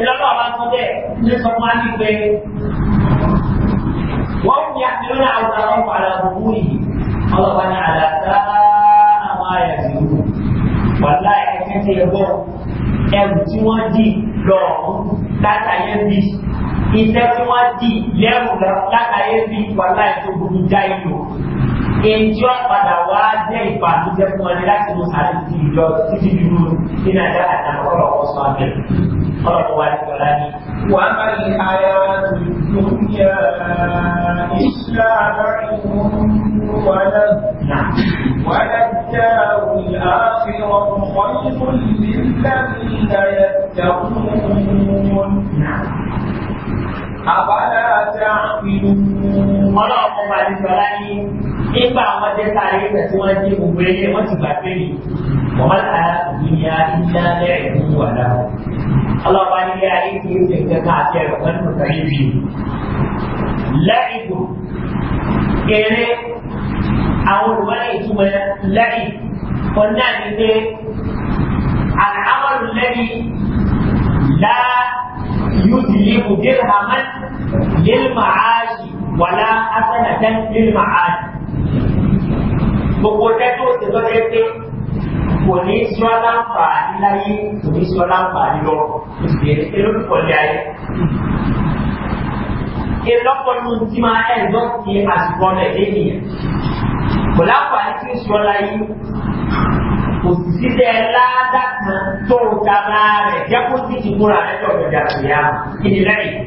ìlọ́lọ́ ọba sọ bẹ́ẹ̀ ní sọ fún wa ní pé wọ́n fi àtìlọ́nà àwọn àwọn ọ̀pọ̀ àlàbò wúyì ẹrù tí wọ́n dì lọ látàyè bí iṣẹ́ tí wọ́n dì lẹ́rù látàyè bí wàhálà ètò gbogbo já ìlú èjì ọ̀padà wá jẹ́ ìfà tó jẹ́ fún ọdẹ láti mú sáré sí ìjọ títí dúró nínú ajá àtàwọn ọ̀rọ̀ ọ̀sán abẹ́ ọ̀rọ̀ tó wá ní ọ̀la ní. wàá bá lè ayé wa tó dúnyà ìṣúra àbáyé wọn wàdà wàdà الدار الآخرة خير للذين يتقون أفلا تعقلون ọlọ́ọ̀kan bá ti sọ̀rọ̀ ní nípa àwọn jẹ́ta ayé ìgbà tí wọ́n jẹ́ gbogbo ilé wọ́n ti gbà pé ní wọ́n á ìyá ìyá lẹ́rìn ní wàdà ọlọ́ọ̀bá nílé ayé tí ó ṣe kẹ́kẹ́ àti ẹ̀rọ pẹ̀lú ìtàgé bíi lẹ́rìn kò kéré àwọn olùwárí ìtumọ̀ lẹ́yìn wọn náà ní pé àlàáwọ̀lù lẹ́yìn lá yóò ti lé kò dé hàmá lé màáṣì wàlá asánàtà lé màáṣì. Gbogbo tẹ́tù ti lọ́jọ́ pé kò ní sọ láǹfààní láyé kò ní sọ láǹfààní lọ ìbéèrè pé lórúkọ lé ayé. Ìlọ́pọ̀ ní ti máa ẹ̀ lọ́sí àsìkò ọ̀nà ìdí kò láǹfààní tí ń sọ láyé kò sì sílẹ̀ ládàá kan tó ń dábà rẹ̀ jẹ́ kó sì ti múra lẹ́jọ́ ìgbàjà ìyá ìdílé yìí.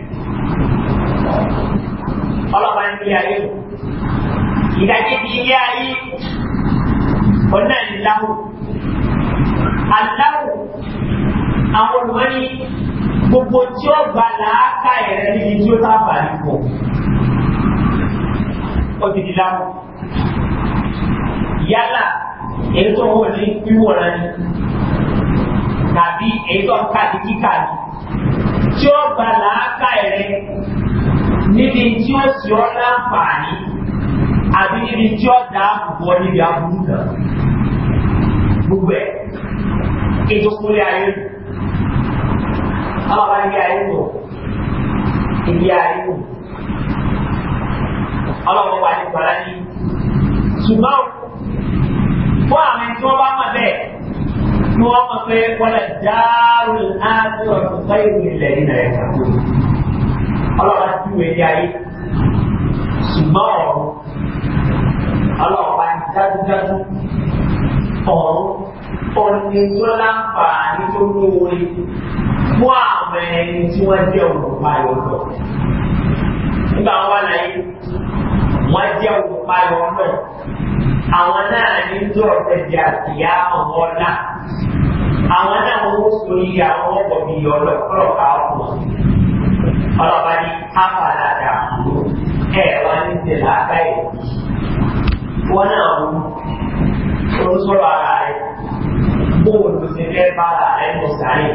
ọlọ́ba ń di ayé o ìdájí ti ilé ayé ọ̀nà ìdáhùn aláwọ̀ àwọn olùmọ́ni gbogbo tí ó gbà láákà ẹ̀rẹ́ níbi tí ó bá bàlẹ̀ pọ̀ ó ti di láwọ̀ yálà èyí tó wò ní wíwò rẹ ni tàbí èyí tó ń kàdí kíkà ni tí ó gbà láàkà rẹ níbi tí ó sì ọ́ láǹfààní àbí níbi tí ó dá bọ̀ níbi aburú kan gbogbo ẹ̀ ètò kúlẹ̀ ayé ọlọ́ba ní ayé tó ìdí ayé tó ọlọ́ba wà ní gbàlá ní ṣùgbọ́n fún àwọn tí wọ́n bá mọ̀ bẹ́ẹ̀ ni wọ́n mọ̀ pé wọ́n dáàrú láti ọ̀rọ̀ sáyé ilẹ̀ nínú ẹ̀ kàkó. ọlọ́run ti wẹ̀ ní ayé ṣùgbọ́n ọ̀rọ̀ ọlọ́ọ̀pá dájúdájú ọ̀rọ̀ òní tó láǹfààní tó lóore fún àwọn ẹni tí wọ́n jẹ́ olùpayọ̀ lọ. nígbà wọn wà láyé wọ́n jẹ́ olùpayọ̀ lọ àwọn náà ní tó ọ̀sẹ̀ di àtìyá ọmọ ọ̀la àwọn náà wọ́n sọ iye àwọn ọkọ̀ mi yọ lọ́kọ̀ọ́ káwọ́ ọlọ́ba ní ápàlà dààmú ẹ̀ wá ní tẹ̀lé àká ẹ̀ wọ́n náà wọ́n ń sọ̀rọ̀ ara rẹ̀ bóòlù ti fẹ́ bá ara rẹ̀ mọ̀ sáré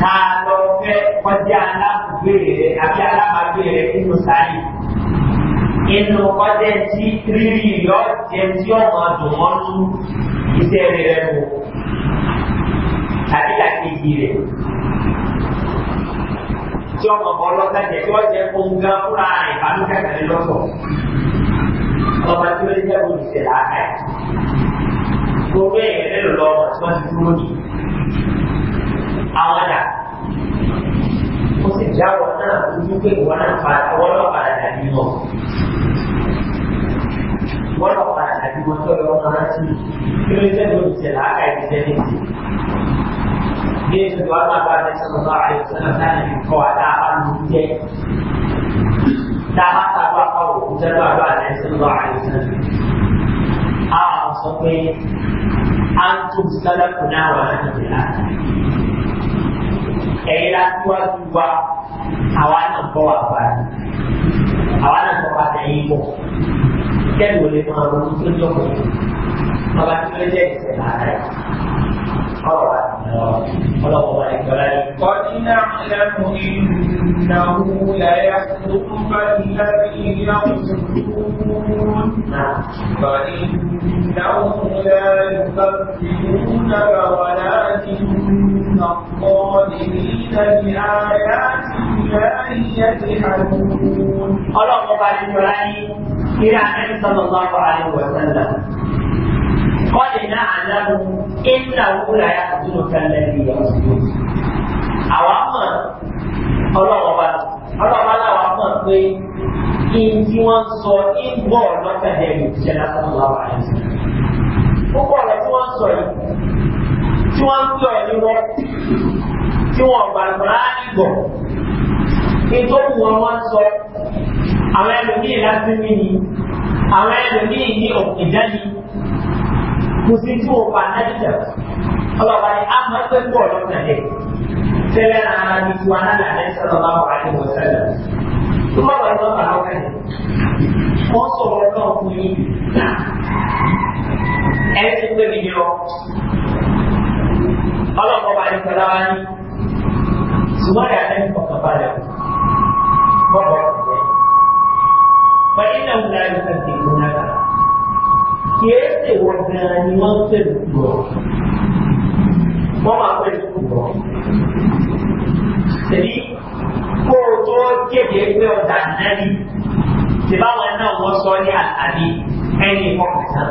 ta lọ fẹ́ kọjá alábùgbé rẹ̀ àbí alábàgbé rẹ̀ nínú sáré inú ọjọ́ tí rírì yọ jẹ tí ọmọ àdùnmọ́nú iṣẹ́ rẹ̀ lẹ́nu àti kàkejì rẹ̀ tí ọmọ kan lọ́sẹ̀ jẹ tí wọ́n jẹ oúnjẹ fúnra rẹ̀ ìbánújẹ́ tẹ̀lé lọ́sọ̀ ọba tí ó jẹ́ olùsẹ̀ láàkà ẹ̀ gbogbo èèyàn lẹ́nu lọ́wọ́ tí wọ́n ti dúró ní àwọn àdá ó sì jáwọ́ náà ojú pé ìwọ náà fa ìwọ náà padà dàbí náà gbọ́dọ̀ padà àdúgbò tó lọ máa sí kí ló jẹ́ lórí tẹ̀ láàkà ìdíjẹ́ ní ti. Bí èso ìwà náà bá dé sọ̀rọ̀ bá àyè sọ̀rọ̀ náà ní kọ́ àdáhà ló ń jẹ́. Dáhà sábà kọ́ òkú tẹ́lú àbá àyè sọ̀rọ̀ bá àyè sọ̀rọ̀. A sọ pé a ń tó sálẹ̀kù náà wà láti bìlà. Ẹ̀yin láti wá ju wa àwa náà bọ̀ wà bá. Àwa náà bọ̀ wà kẹ́lù lè máa wọ ojú tó jókòó ọba tí ó jẹ́ ìṣẹ̀lẹ̀ ààrẹ ọ̀rọ̀ ọlọ́wọ́ wa ìjọ láyé. kọ́ni náà lẹ́nu ìnáwó láyé tó ń bá ìlàrí ìyáwó tuntun náà. kọ́ni náà láyé tó ń bá ìlàrí الظالمين بآيات الله يجحدون. قال الله تعالى إلى النبي صلى الله عليه وسلم قد نعلم إنه لا يحزنك الذي يحزنك àwọn àmọ̀ ọlọ́wọ́ba ọlọ́wọ́ba làwọn àmọ̀ pé kí n tí wọ́n sọ ń bọ̀ lọ́kàdẹ́rì ìṣẹ̀lá sọ́kànláwà yìí. púpọ̀ rẹ̀ tí wọ́n sọ yìí tí wọ́n ń pè ọ́ ní tí wọ́n gbàgbọ́ láàrín bọ̀ nítorí wọn sọ àwọn ẹlòmíì lásìmí ni àwọn ẹlòmíì ní ìdání kò sí tí o pa náírà ọlọ́pàá ni a máa pẹ́ pọ̀ lọ́nà yẹn tẹ́lẹ̀ náà ní tí wọn náà lálẹ́ sọ̀rọ̀ bá wà ní wọ̀sẹ̀lẹ̀ tó bá wà lọ́pàá lọ́pàá yẹn wọ́n sọ̀rọ̀ náà fún yín ẹ ti pé mi yọ ọlọ́pàá bá ní sọ̀rọ̀ wá ní ṣùgbọ́n ìyá lẹ́yìn kọ̀ọ̀kan balẹ̀ bọ́ọ̀ فإنهم لا يكذبونك كيف وكان ينصب وما قلت tẹbi kó o tó kéde pé ọjà nàbí tí báwọn náà wọ́n sọ ní àtàbí ẹni ìfọ̀kàtà.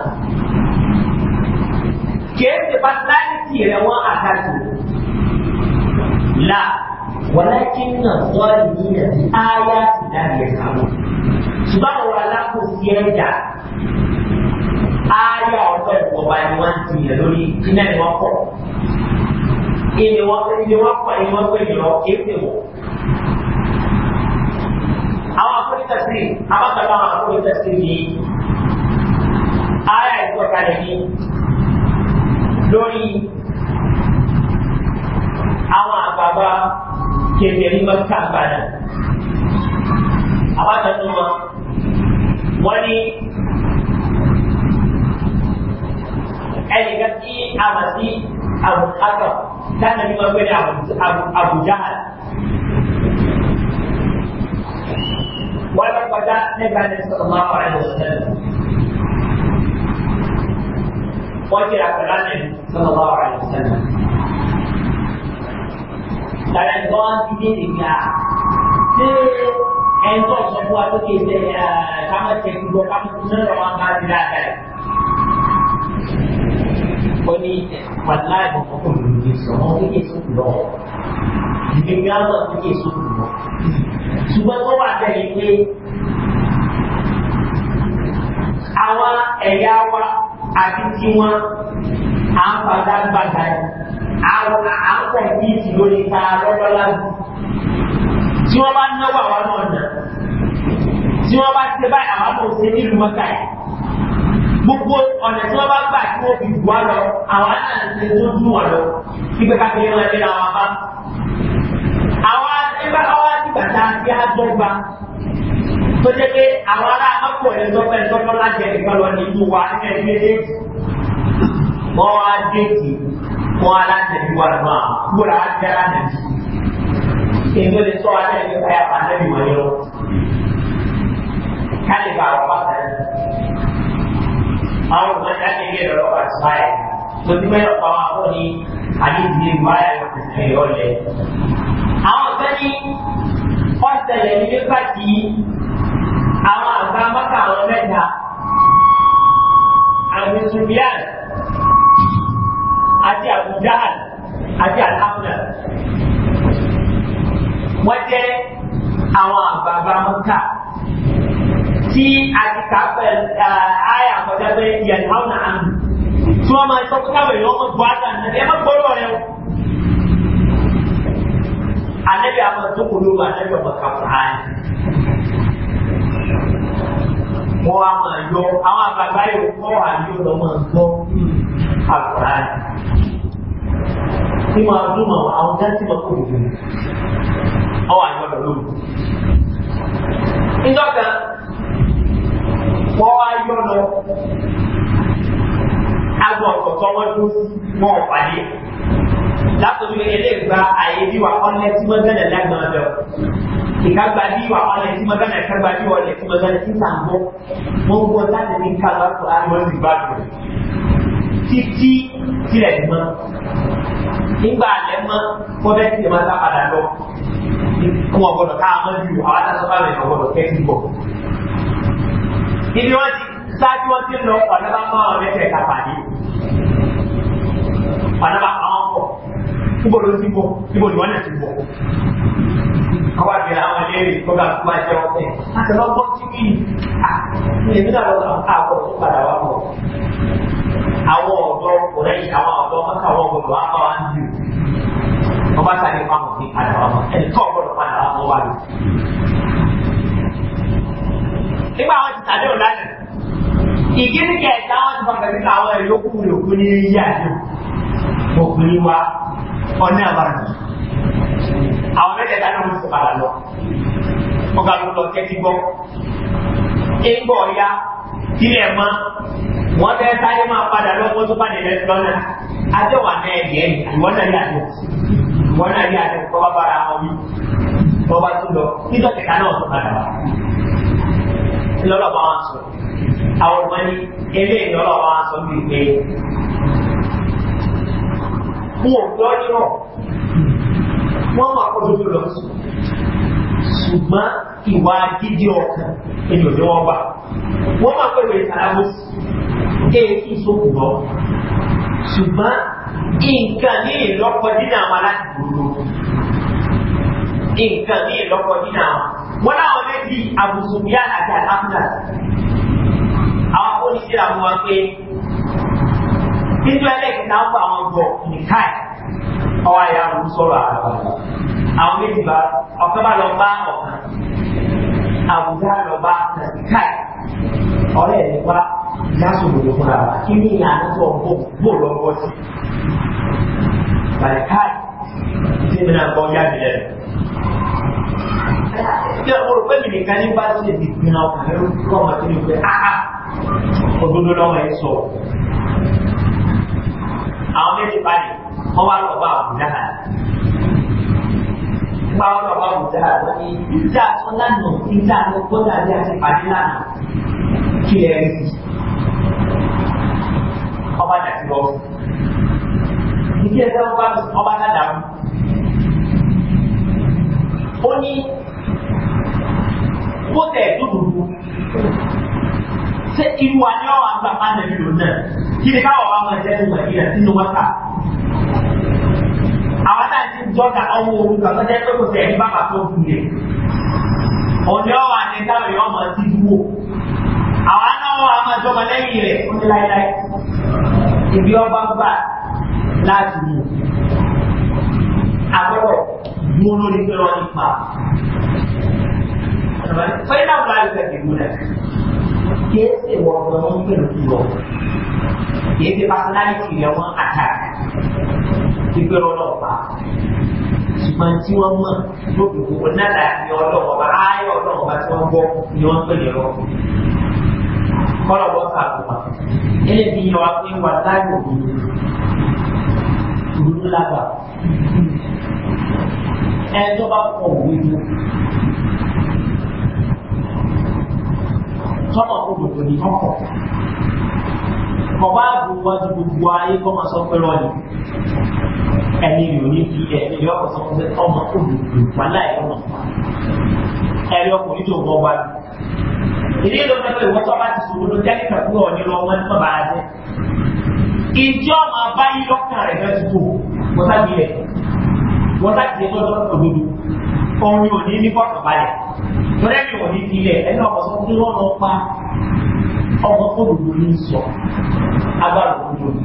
kéde pàtàkì rẹ̀ wọ́n àtàkì la wọ́n lákì náà sọ́ọ̀lì yìí àti áyá ti ṣùgbọ́n àwọn alákòóso ẹ̀dá ayé ọ̀pọ̀ ìwọ̀nba ni wọ́n ti yẹ lórí iná ni wọ́n pọ̀ ìní wọ́n pọ̀ ìní wọ́n pọ̀ ìní wọ́n pọ̀ ìní wọ́n kéde wọ̀. àwọn akóríta sí abákàlà àwọn akóríta sí ni ayé ìtọ́kalẹ̀ ni lórí àwọn àgbààgbà kéde ní mọ́tàgbà náà. Abu Bakar dan Nabi Muhammad Abu Abu, Abu Jahal. Walau pada Nabi Muhammad Sallallahu Alaihi Wasallam, Wajib kepada Nabi Sallallahu Alaihi Wasallam. Dalam doa ini dia, entah sesuatu kita sama sesuatu kamu punya orang tidak ada. wallahi ba ku kuke so ba kuke so ku lọ ìdí gáàmà kuke so ku lọ ṣùgbọ́n tó wà bẹ́ẹ̀ ni pé àwọn ẹ̀yà wa àti tiwọn à ń padà gbàgbà àwọn à ń pọ̀ bí ti lórí ta lọ́dọ́lá tí wọ́n bá náwó àwọn náà nà tí wọ́n bá ṣe báyìí àwọn náà gbogbo ọ̀nà tí wọ́n bá gbà tí wọ́n fi wá lọ àwọn aláǹtí tó dùn wọ́n lọ nígbà káfíń máa dé àwọn bá. àwọn ẹgbẹ́ àwọn àtìgbà tá a fi àgbọ̀gba tó jẹ́ pé àwọn ará àpò ẹ̀ lọ́pẹ́ lọ́pọ́ láti ẹ̀ nípa lọ ní ìlú wa ẹ̀ ní ẹ̀dẹ́ wọ́n wá déètì wọ́n aláǹtẹ̀bí wà lọ́wọ́ àwọn kúrò àti aláǹtẹ̀bí. èmi ò lè sọ aláǹtẹ̀bí káyà pàtẹ́bí àwọn ọ̀gbọ́n tí a ti gbé lọ́wọ́ àti báyìí tó ti mẹ́rin ọ̀pọ̀ àwọn àbọ̀ ní àdéhùn báyà lọ́kùnrin ẹ̀yọ́ lẹ̀. àwọn ọ̀gbọ́n ní ọ̀sẹ̀lẹ̀ ní nípa ti àwọn àgbà mọ́ta àwọn mẹ́ta tí a ti kà pẹ̀lú àyà àkọjá pé ìyàtọ̀ àwọn àmì tí wọ́n máa sọ pé káwọn èèyàn ọmọ bu àgbà náà ẹ má gbọ́dọ̀ rẹ o. Àlẹ́bí àwọn tó kò ló wà lẹ́bí ọmọ kàfà á. Wọ́n á máa yọ àwọn àgbàgbà yòó kọ́ wà ní ọ̀dọ́ máa gbọ́ kàfà á. Bí máa dún mọ̀ àwọn dáńtì máa kò dùn. Ọwọ́ àyọ̀dọ̀ lóru. Nígbà kan wọ́n wá yọ̀ lọ agbọ̀n ọ̀tọ̀tọ̀ wọn tó wọn ò pàdé látọ̀jú ilé gba àyè bí wà ọ̀lẹ́ tí wọ́n gánà lágbọ̀n lọ ìkágbá bí wà ọ̀lẹ́ tí wọ́n gánà ìkágbá bí ọ̀lẹ́ tí wọ́n gánà títà ń bọ́ wọ́n gbọ́ láti ní kábà kó àwọn ti bá lò títí tilẹ̀ mọ́ nígbà alẹ́ mọ́ fọ́bẹ́ tí lè máa sápadà lọ kó gbọ́dọ̀ káà mọ́ ibi wọn ti ṣáájú wọn ti lọ ọ̀nà bá fún àwọn mẹ́tẹ̀ẹ̀ ká pàdé ọ̀nà bá àwọn pọ̀ níbo ló ti bọ̀ níbo ni wọ́n náà ti bọ̀ kọ́wá bí àwọn léèrè kó bá fún àjẹ ọ̀tẹ̀ láti lọ bọ́ sí kí èmi náà lọ àpọ̀ tó padà wà pọ̀ àwọn ọ̀dọ́ ọ̀rẹ́ yìí àwọn ọ̀dọ́ mọ́tà wọn gbọdọ̀ wá bá wa ń dì wọ́n bá sáré fáwọn òbí padà wà pọ̀ ẹni tó ọ̀gbọ́dọ̀ padà wà pọ̀ wà lọ nígbà wọn ti sàdé òun lánàá ìkíni kẹta wọn ti fọkàn nípa àwọn ìyókù yòókù ní yíyá àjò òkùnrin wa ọ̀nà àbájú àwọn mẹ́tẹ̀ẹ̀ta náà ń sọ̀kalà lọ ọ̀gá ló lọ tẹ́tí gbọ́ égbọ̀ ya tilẹ̀ mọ́ wọ́n fẹ́ sáré máa padà lọ́wọ́ tó bá nílẹ̀ lọ́nà àjọwà náà ẹ̀yẹ́ ìwọ́n náà yà lọ ìwọ́n náà yà lọ kọ́ bá bára wọn wí kọ́ bá tún lọ nítorí kẹta náà sọ̀kalà wa lọ́lọ́ bá wọn sọ àwọn ọmọ ní eléyìí lọ́lọ́ bá wọn sọ bíi pé fún òkúrọ́ nírọ̀ wọ́n máa kọ́ lójú lọ sùn ṣùgbọ́n ìwà dídí ọkàn ènìyàn ni wọ́n bá wọ́n máa pẹ̀lú ìtàlábòsì èyí sókùn lọ ṣùgbọ́n nǹkan ní ìlọ́pọ̀ dínà àwọn aládùúgbò nǹkan ní ìlọ́pọ̀ nínú àwọn. Wọ́n láwọn méjì àbùsùnmíà àti àtàkùnà. Àwọn akóni sí àwọn wa pé nínú ẹlẹ́kìtà ń bọ̀ àwọn bọ̀ nìkáì. Ọwọ́ àyà àwọn sọ̀rọ̀ àrà àwọn méjì bá ọ̀kan bá lọ bá ọ̀kan. Àbùdá lọ bá nìkáì. Ọ̀rẹ́ ẹ̀ wá lásìkò tó fúnra wa kí ní ìyá àtúntò ọ̀gbọ̀n bò lọ́wọ́ sí. Bàdìkáì tí mi náà kọ́ jáde lẹ́nu. Ṣé o rò pé mi nìkan ní bá ṣe ti gbin ọkàn lẹ́rú kọ́ ọmọ tí mi pé áá ah, ah, òdodo lọ́wọ́ yìí sọ. Àwọn méjì báyìí, wọ́n wá lọ bá àbùdá náà. Nípa wọn lọ bá àbùdá náà wọ́n ní ìjà tó lánàá ìjà tó gbọ́dọ̀ àbí àti pàdé lánàá kí ẹ rí sí. Ọba dàbí lọ fún un ìdí ẹsẹ̀ wọn bá wọn bá dá dàrú. ó ní kó tẹ̀ tó dùdú ṣé irú wa ni wọn wà gba pàṣẹ nínú náà kí ni káwọn wà máa jẹ́ ní nàìjíríà sínú wákà. àwọn náà ti jọ́ta ọmọ orúkọ tó jẹ́ pé kò sẹ́yìn bàbá tó dùn yẹn. òní ọ̀wà ni táwọn èèyàn máa ti dúró àwọn náà wà máa lẹ́yìn rẹ̀ ó ní láéláé. ìbí ọba gbà láti mú àbọ̀rọ̀ mú lórí pé wọ́n nípa. Fẹ́lá wà lórí ẹ̀gbẹ́ múlẹ̀. Kìí ṣe wọ́n lọ wọ́n pẹ̀lú kúrọ̀. Kìí ṣe pásánálìtì rẹ̀ wọ́n àtàkì. Ìgbẹ́ ọlọ́pàá. Ṣùgbọ́n tí wọ́n mọ̀ lóbi gbogbo náà ni ọlọ́wọ́ bá ayé ọlọ́wọ́ bá tí wọ́n gbọ́ ni wọ́n pè lérò. Kọ́lọ̀ wọ́n sàkóbá. Ẹlẹ́bi yẹn wá pé wà láyò ìlú lágbà ẹjọ́ bá pọ̀ wíwú tọ́mọ̀ òdòdó ní ọkọ̀ kọ̀wá àbúwájú gbogbo ayé kọ́ máa sọ pé rọ́ọ̀lì ẹni rẹ̀ ò ní fi ẹ̀sìn ìyọ́ ọ̀sán fún sẹ́tọ́ ọmọ òdòdó wà láì ọ̀nà ẹ̀rí ọkùnrin tó wọ́n wá lù ilé ìlú ọ̀nà pé ìwọ́n tó bá ti sòwò ló jẹ́ ìkàkúrọ̀ ní lọ́wọ́ ní bàbá ajẹ́ ìdí ọmọ abáyé lọ́kàn rẹ̀ fẹ́ tó wọ́n sáà nílẹ̀ wọ́n sáà tiẹ̀ tó lọ́kàn òdodo orin òní ní kọ́kàn balẹ̀ lọ́dẹ̀ mi òní tilẹ̀ ẹni ọkọ̀ sọ pé wọ́n lọ pa ọmọ òdodo ní sọ agbára òdodo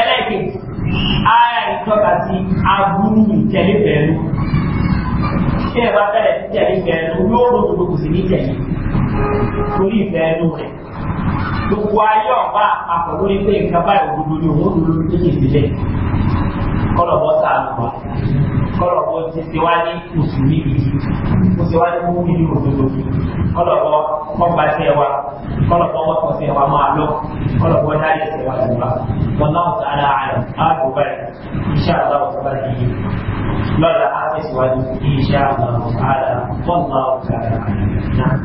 ẹlẹ́ẹ̀kejì ara ìtọ́ka sí aburú ìtẹ̀lé pẹ̀lú tí ẹ bá fẹ́rẹ̀ títẹ̀lé pẹ̀lú yóò lóṣù tó kù sí ní tẹ̀lé torí ìfẹ́ gbogbo ayé ọba àpapọ̀ lórí pé nǹkan báyìí òdodo ni òun òdodo ló tẹ́lẹ̀ sílẹ̀ kọlọ̀bọ̀ sàánù wa kọlọ̀bọ̀ ti ṣe wá ní mùsùlùmí gidi ó ṣe wá ní mùsùlùmí ní òdodo kọlọ̀bọ̀ kọgbà ṣe wa kọlọ̀bọ̀ wọ́pọ̀ ṣe wa máa lọ kọlọ̀bọ̀ dáyé ṣe wa ṣe wa wọn náà sàánà àyàn áàbò báyìí iṣẹ́ àlọ́ ọ̀sán yìí lọ́la á tẹ̀síwájú iṣẹ́ àlọ́ ọ̀sán àlọ́ wọn náà náà.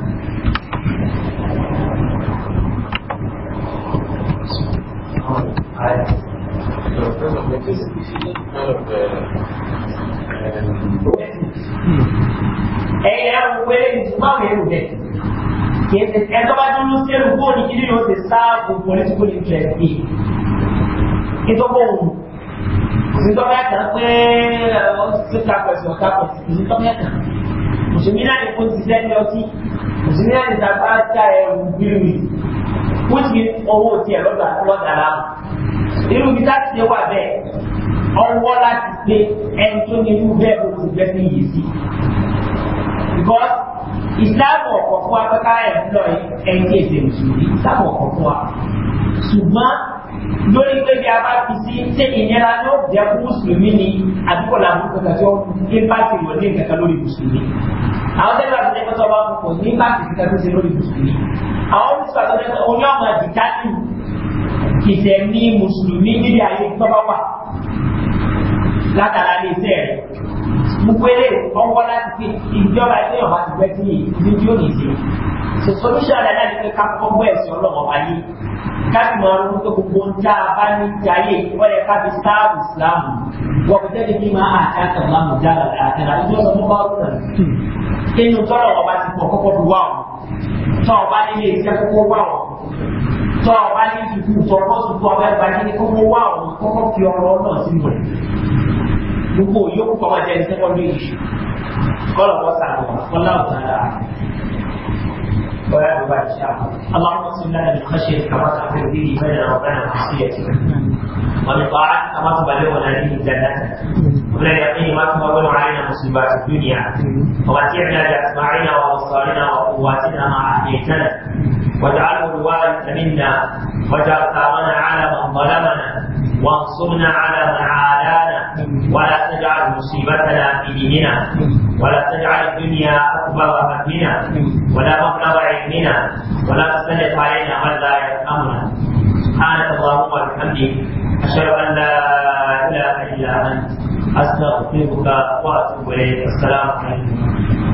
higher. So because of electricity, kind of ẹ̀yà wẹ́ ìtùmáwẹ̀ ẹ̀rù bẹ̀ ẹ̀tọ́ bá dúró sí ẹ̀rù bóòlù kí ní yóò ṣe sáàbù political interest bí ìtọ́gbọ̀ òun ìtọ́gbọ̀ ẹ̀kà pé ọ̀sẹ̀ kápẹ̀sì ọ̀kápẹ̀sì ìtọ́gbọ̀ ẹ̀kà òṣèlú náà ni kò ti sẹ́ni ọtí òṣèlú náà ni tàbá já ẹ̀rù bíríwì wọ́n ti owó tiẹ̀ lọ́dà lọ́dà láàmù irú bí a ṣe wà bẹ́ẹ̀ ọwọ́ láti pé ẹni tó ní irú bẹ́ẹ̀ ló ti gbẹ́ sí yìí sí. because ìsìláàmù ọ̀kọ̀ fún apẹ́ká ẹ̀ ń lọ ẹni tí èsè mùsùlùmí ìsìláàmù ọ̀kọ̀ fún wa ṣùgbọ́n lórí pé bí a bá fi sí ṣé ìnira ni ó jẹ́ fún mùsùlùmí ni àdúgbò làwọn kankan tí ó ní pàṣẹ ìwọ̀n ní nǹkan kan lórí mùsùlùmí àwọn tẹ́lẹ̀ àti ẹgbẹ́ tó bá kọ̀ ní pàṣẹ ìkàtúnṣe lórí mùsùlùmí àwọn mùsùlùmí àti ọ̀dẹ́gbẹ́ oní ọmọ ìdíkàtì ìtẹ̀mí mùsùlùmí níbi ayé tọ́pá wà látara lè sẹ́ rẹ̀ gbogbo eré ọwọ́ láti fi ìjọba ilé ọba ti gbẹ́ sí ìdíjú òní sí so solution rẹ̀ náà ni pé ká kọ́ gbọ́ ẹ̀sìn ọlọ́wọ́ wáyé káàkiri máa ronú pé gbogbo ń tá a bá ní ti ayé wọ́n yẹ ká fi sáàbù ìsìláàmù wọ́n fi tẹ́lẹ̀ bí máa àti àtàlámù jára àtàlámù ìjọba mọ́ bá rú náà inú tọ́lọ̀ ọba ti pọ̀ kọ́kọ́ tọ́ ọba nílé iṣẹ́ kókó wà ọ̀ tọ́ ọba ní sùkúù tọ́ ọkọ́ sùkúù ọba ẹgbàá ní kókó wà ọ̀ kọ́kọ́ fi ọ̀rọ̀ náà sínú ẹ̀ gbogbo yòókù kọ́ máa jẹ́ ní sẹ́kọ́ndì kọ́lọ̀ wọ́sà lọ́wọ́ kọ́lá ọ̀tá اللهم اقسم لنا من خشيتك ما تحكم به بيننا وبين معصيتك ومن طاعتك ما تبلغنا به جنتك ومن اليقين ما تهون علينا مصيبات الدنيا ومتعنا باسماعنا وابصارنا وقواتنا ما احييتنا واجعله الوارث منا واجعل ثارنا على من ظلمنا وانصرنا على من عادانا ولا تجعل مصيبتنا في ديننا ولا تجعل الدنيا اكبر همنا ولا مبلغ علمنا ولا تسلط علينا من لا يرحمنا سبحانك اللهم وبحمدك اشهد ان لا اله الا انت استغفرك واتوب اليك السلام عليكم